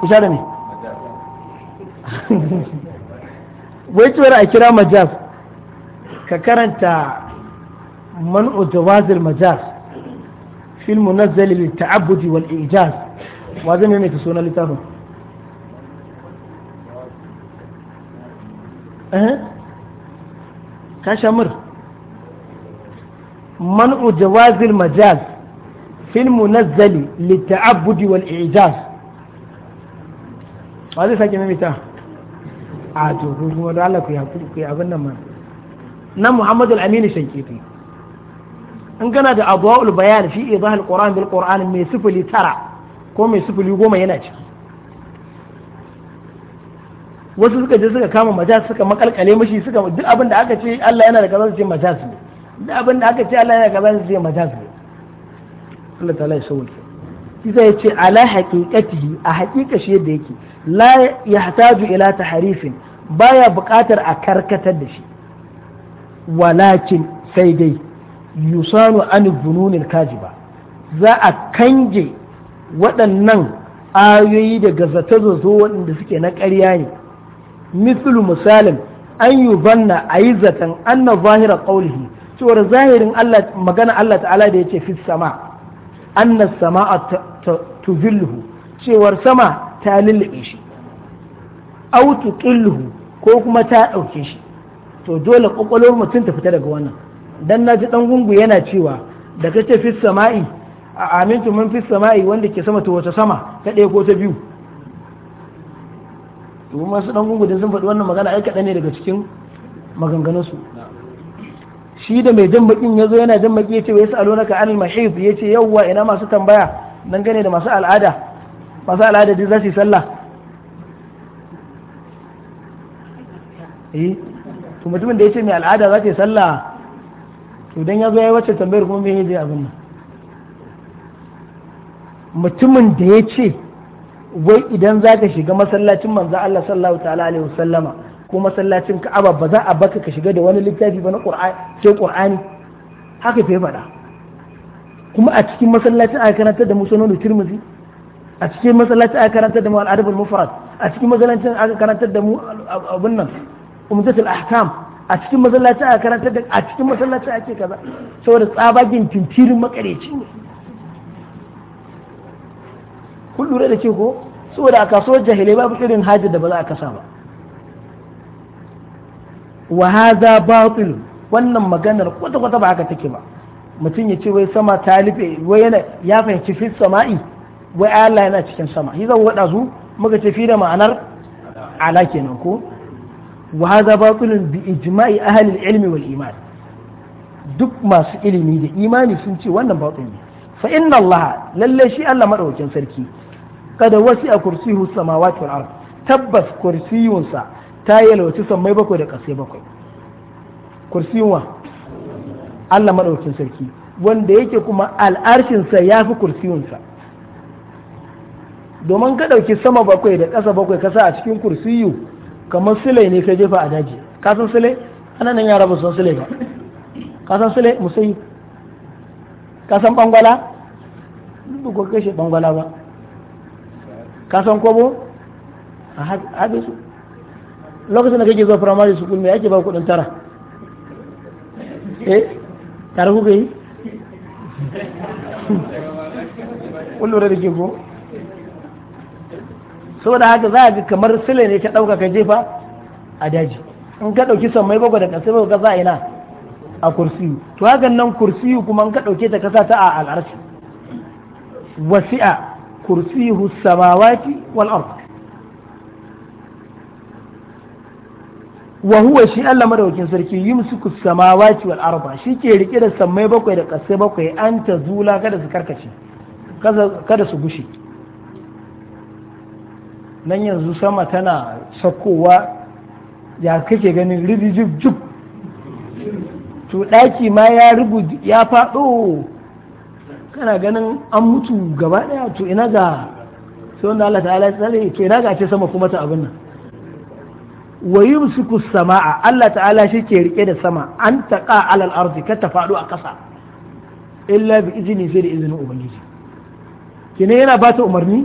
ku sha da ne wai cewar a kira majaz ka karanta man'u jawazil majaz fil munazzal lil ta'abudi wal ijaz wa zai maimaita sunan littafin eh? kashamir man'u jawazil majaz fil munazzali litta'abbudi wal ijaz wa zai sake mita. a to kuma da Allah ku yi abin nan ma na Muhammadu al-Aminu Shankiti in gana da abuwa bayan fi idahul Qur'an bil Qur'an mai sifili tara ko mai sufuri goma yana ciki wasu suka je suka kama majas suka makalkale mashi suka duk abin da aka ce Allah yana da kaza su ce majas ne duk abin da aka ce Allah yana da kaza su ce majas ne Allah ta'ala ya sauke kisa ya ce ala haqiqatihi a haqiqa shi yadda yake la yahtaju ila taharifin baya buƙatar a karkatar da shi walakin sai dai yusanu an bununil kajiba za a kange waɗannan ayoyi daga zata zozo waɗanda suke na ƙarya ne mislu misalin an yi banna a yi zaton an na zahira ƙaulihi cewar zahirin magana Allah ta'ala da ya ce fi sama an na sama tuzilhu cewar sama ta lullube shi autu tuqilluhu ko kuma ta ɗauke shi to dole ƙwaƙwalwar mutum ta fita daga wannan dan na ji ɗan gungu yana cewa daga ce sama'i a amintu mun fi sama'i wanda ke sama ta wata sama ta ɗaya ko ta biyu kuma masu ɗan gungudin sun faɗi wannan magana ai kaɗan ne daga cikin maganganunsu shi da mai jan bakin ya zo yana jan baki ya ce wai sa'alo naka anil mahid ya ce yawwa ina masu tambaya gane da masu al'ada masu al'ada da za su yi sallah eh to mutumin da ya ce mai al'ada za ta yi sallah to dan ya zo ya wace wacce tambayar kuma me ya abin nan mutumin da ya ce wai idan za ka shiga masallacin manzo Allah sallallahu ta'ala alaihi wasallama ko masallacin Ka'aba ba za a baka ka shiga da wani littafi ba na Qur'ani sai Qur'ani haka fa faɗa kuma a cikin masallacin aka karanta da musannu Tirmidhi a cikin masallacin aka karanta da mu al mufrad a cikin masallacin aka karanta da mu abun nan umdatul ahkam a cikin masallacin aka karanta da a cikin masallacin ake kaza saboda tsabagin tintirin makareci ne kun lura da ke ko saboda a kasuwar jahilai babu irin hajar da ba za a kasa ba wa hadha batil wannan maganar kwata kwata ba haka take ba mutum ya ce wai sama ta wai yana ya fahimci fi sama'i wai Allah yana cikin sama shi zan wada su muka ce fi da ma'anar ala kenan ko wa hadha batilun bi ijma'i ahli ilmi wal iman duk masu ilimi da imani sun ce wannan batil ne fa inna Allah lalle shi Allah madaukakin sarki kada wasi a kursiyu samawati wal ard tabbas kursiyunsa ta yalwaci sammai bakwai da ƙasai bakwai kursiyun wa Allah madaukakin sarki wanda yake kuma al'arshinsa ya fi kursiyunsa domin ka ɗauki sama bakwai da ƙasa bakwai kasa a cikin kursiyu kamar sule ne ka jefa a daji kasan sule ana nan yara ba san sule ba kasan sule musayi kasan bangwala ba ko kashe bangwala ba ka san kobo a haɗe su lokacin da kake zuwa firamare su me ake ba kuɗin tara eh tare kuka yi kun lura da ke ko saboda haka za a ji kamar sile ne ta ɗauka ka jefa a daji in ka ɗauki sammai bakwai da ƙasa bakwai ka za a ina a kursiyu to hakan nan kursiyu kuma in ka ɗauke ta kasa ta a al'arci wasi'a كرسيه السماوات والأرض وهو شيء الله وكين سركي يمسك السماوات والأرض شيء كيري كده سمي بكوي ده قسي بكوي أنت زولا كده سكركشي كده سبوشي nan yanzu sama tana sakowa ya kake ganin rijib jub to ɗaki ma ya rubu ya faɗo kana ganin an mutu gaba daya to ina ga sai wanda Allah ta'ala ya tsare to ina ga ce sama kuma ta abin nan wa yumsiku samaa Allah ta'ala shi ke rike da sama an taqa alal ardi ka ta fadu a kasa illa bi izini sai da izinin ubangiji kine yana ba ta umarni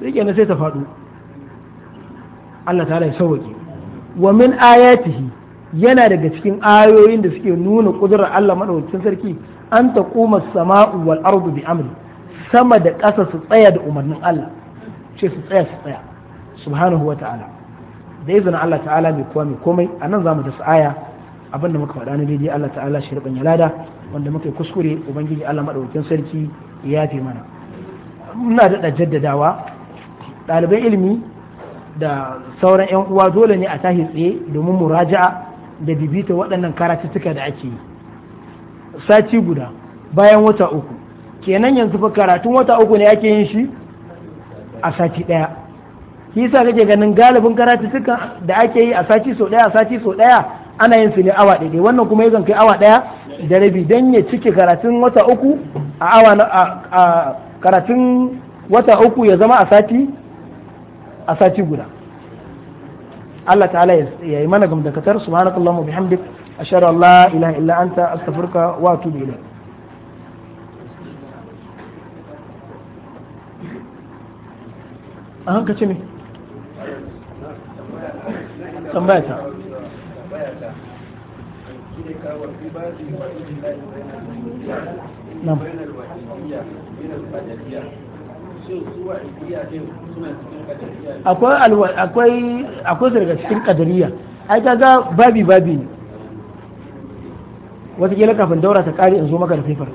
sai kenan sai ta fadu Allah ta'ala ya sauke wa min ayatihi yana daga cikin ayoyin da suke nuna kudurar Allah madaukakin sarki an ta koma sama'u wal ardu bi amri sama da ƙasa su tsaya da umarnin Allah ce su tsaya su tsaya subhanahu wa ta'ala da izina Allah ta'ala mai kowa mai komai a nan za mu dasa aya abinda muka faɗa na daidai Allah ta'ala shi riɓan ya lada wanda muka yi kuskure ubangiji Allah maɗaukakin sarki ya yafe mana muna daɗa jaddadawa ɗaliban ilimi da sauran 'yan uwa dole ne a tahi tsaye domin muraja'a da bibita waɗannan karatuttuka da ake yi sati guda bayan wata uku kenan yanzu fa karatun wata uku ne ake yin shi a sati ɗaya shi yasa kake ganin galibin suka da ake yi a sati sau ɗaya a sati sau ɗaya ana yin su ne awa ɗaya wannan kuma yakan kai awa ɗaya da rabi dan ya cike karatun wata uku a awa a karatun wata uku ya zama a sati a sati guda Allah ta'ala ya yi mana gamdakatar subhanakallahumma bihamdika ashhadu an la illa anta astaghfiruka wa atubu a hankaci ne tambaya ta akwai akwai akwai daga cikin kadariya ai kaga babi babi ne wataƙila kafin daura ta ƙare in zo maka da sifar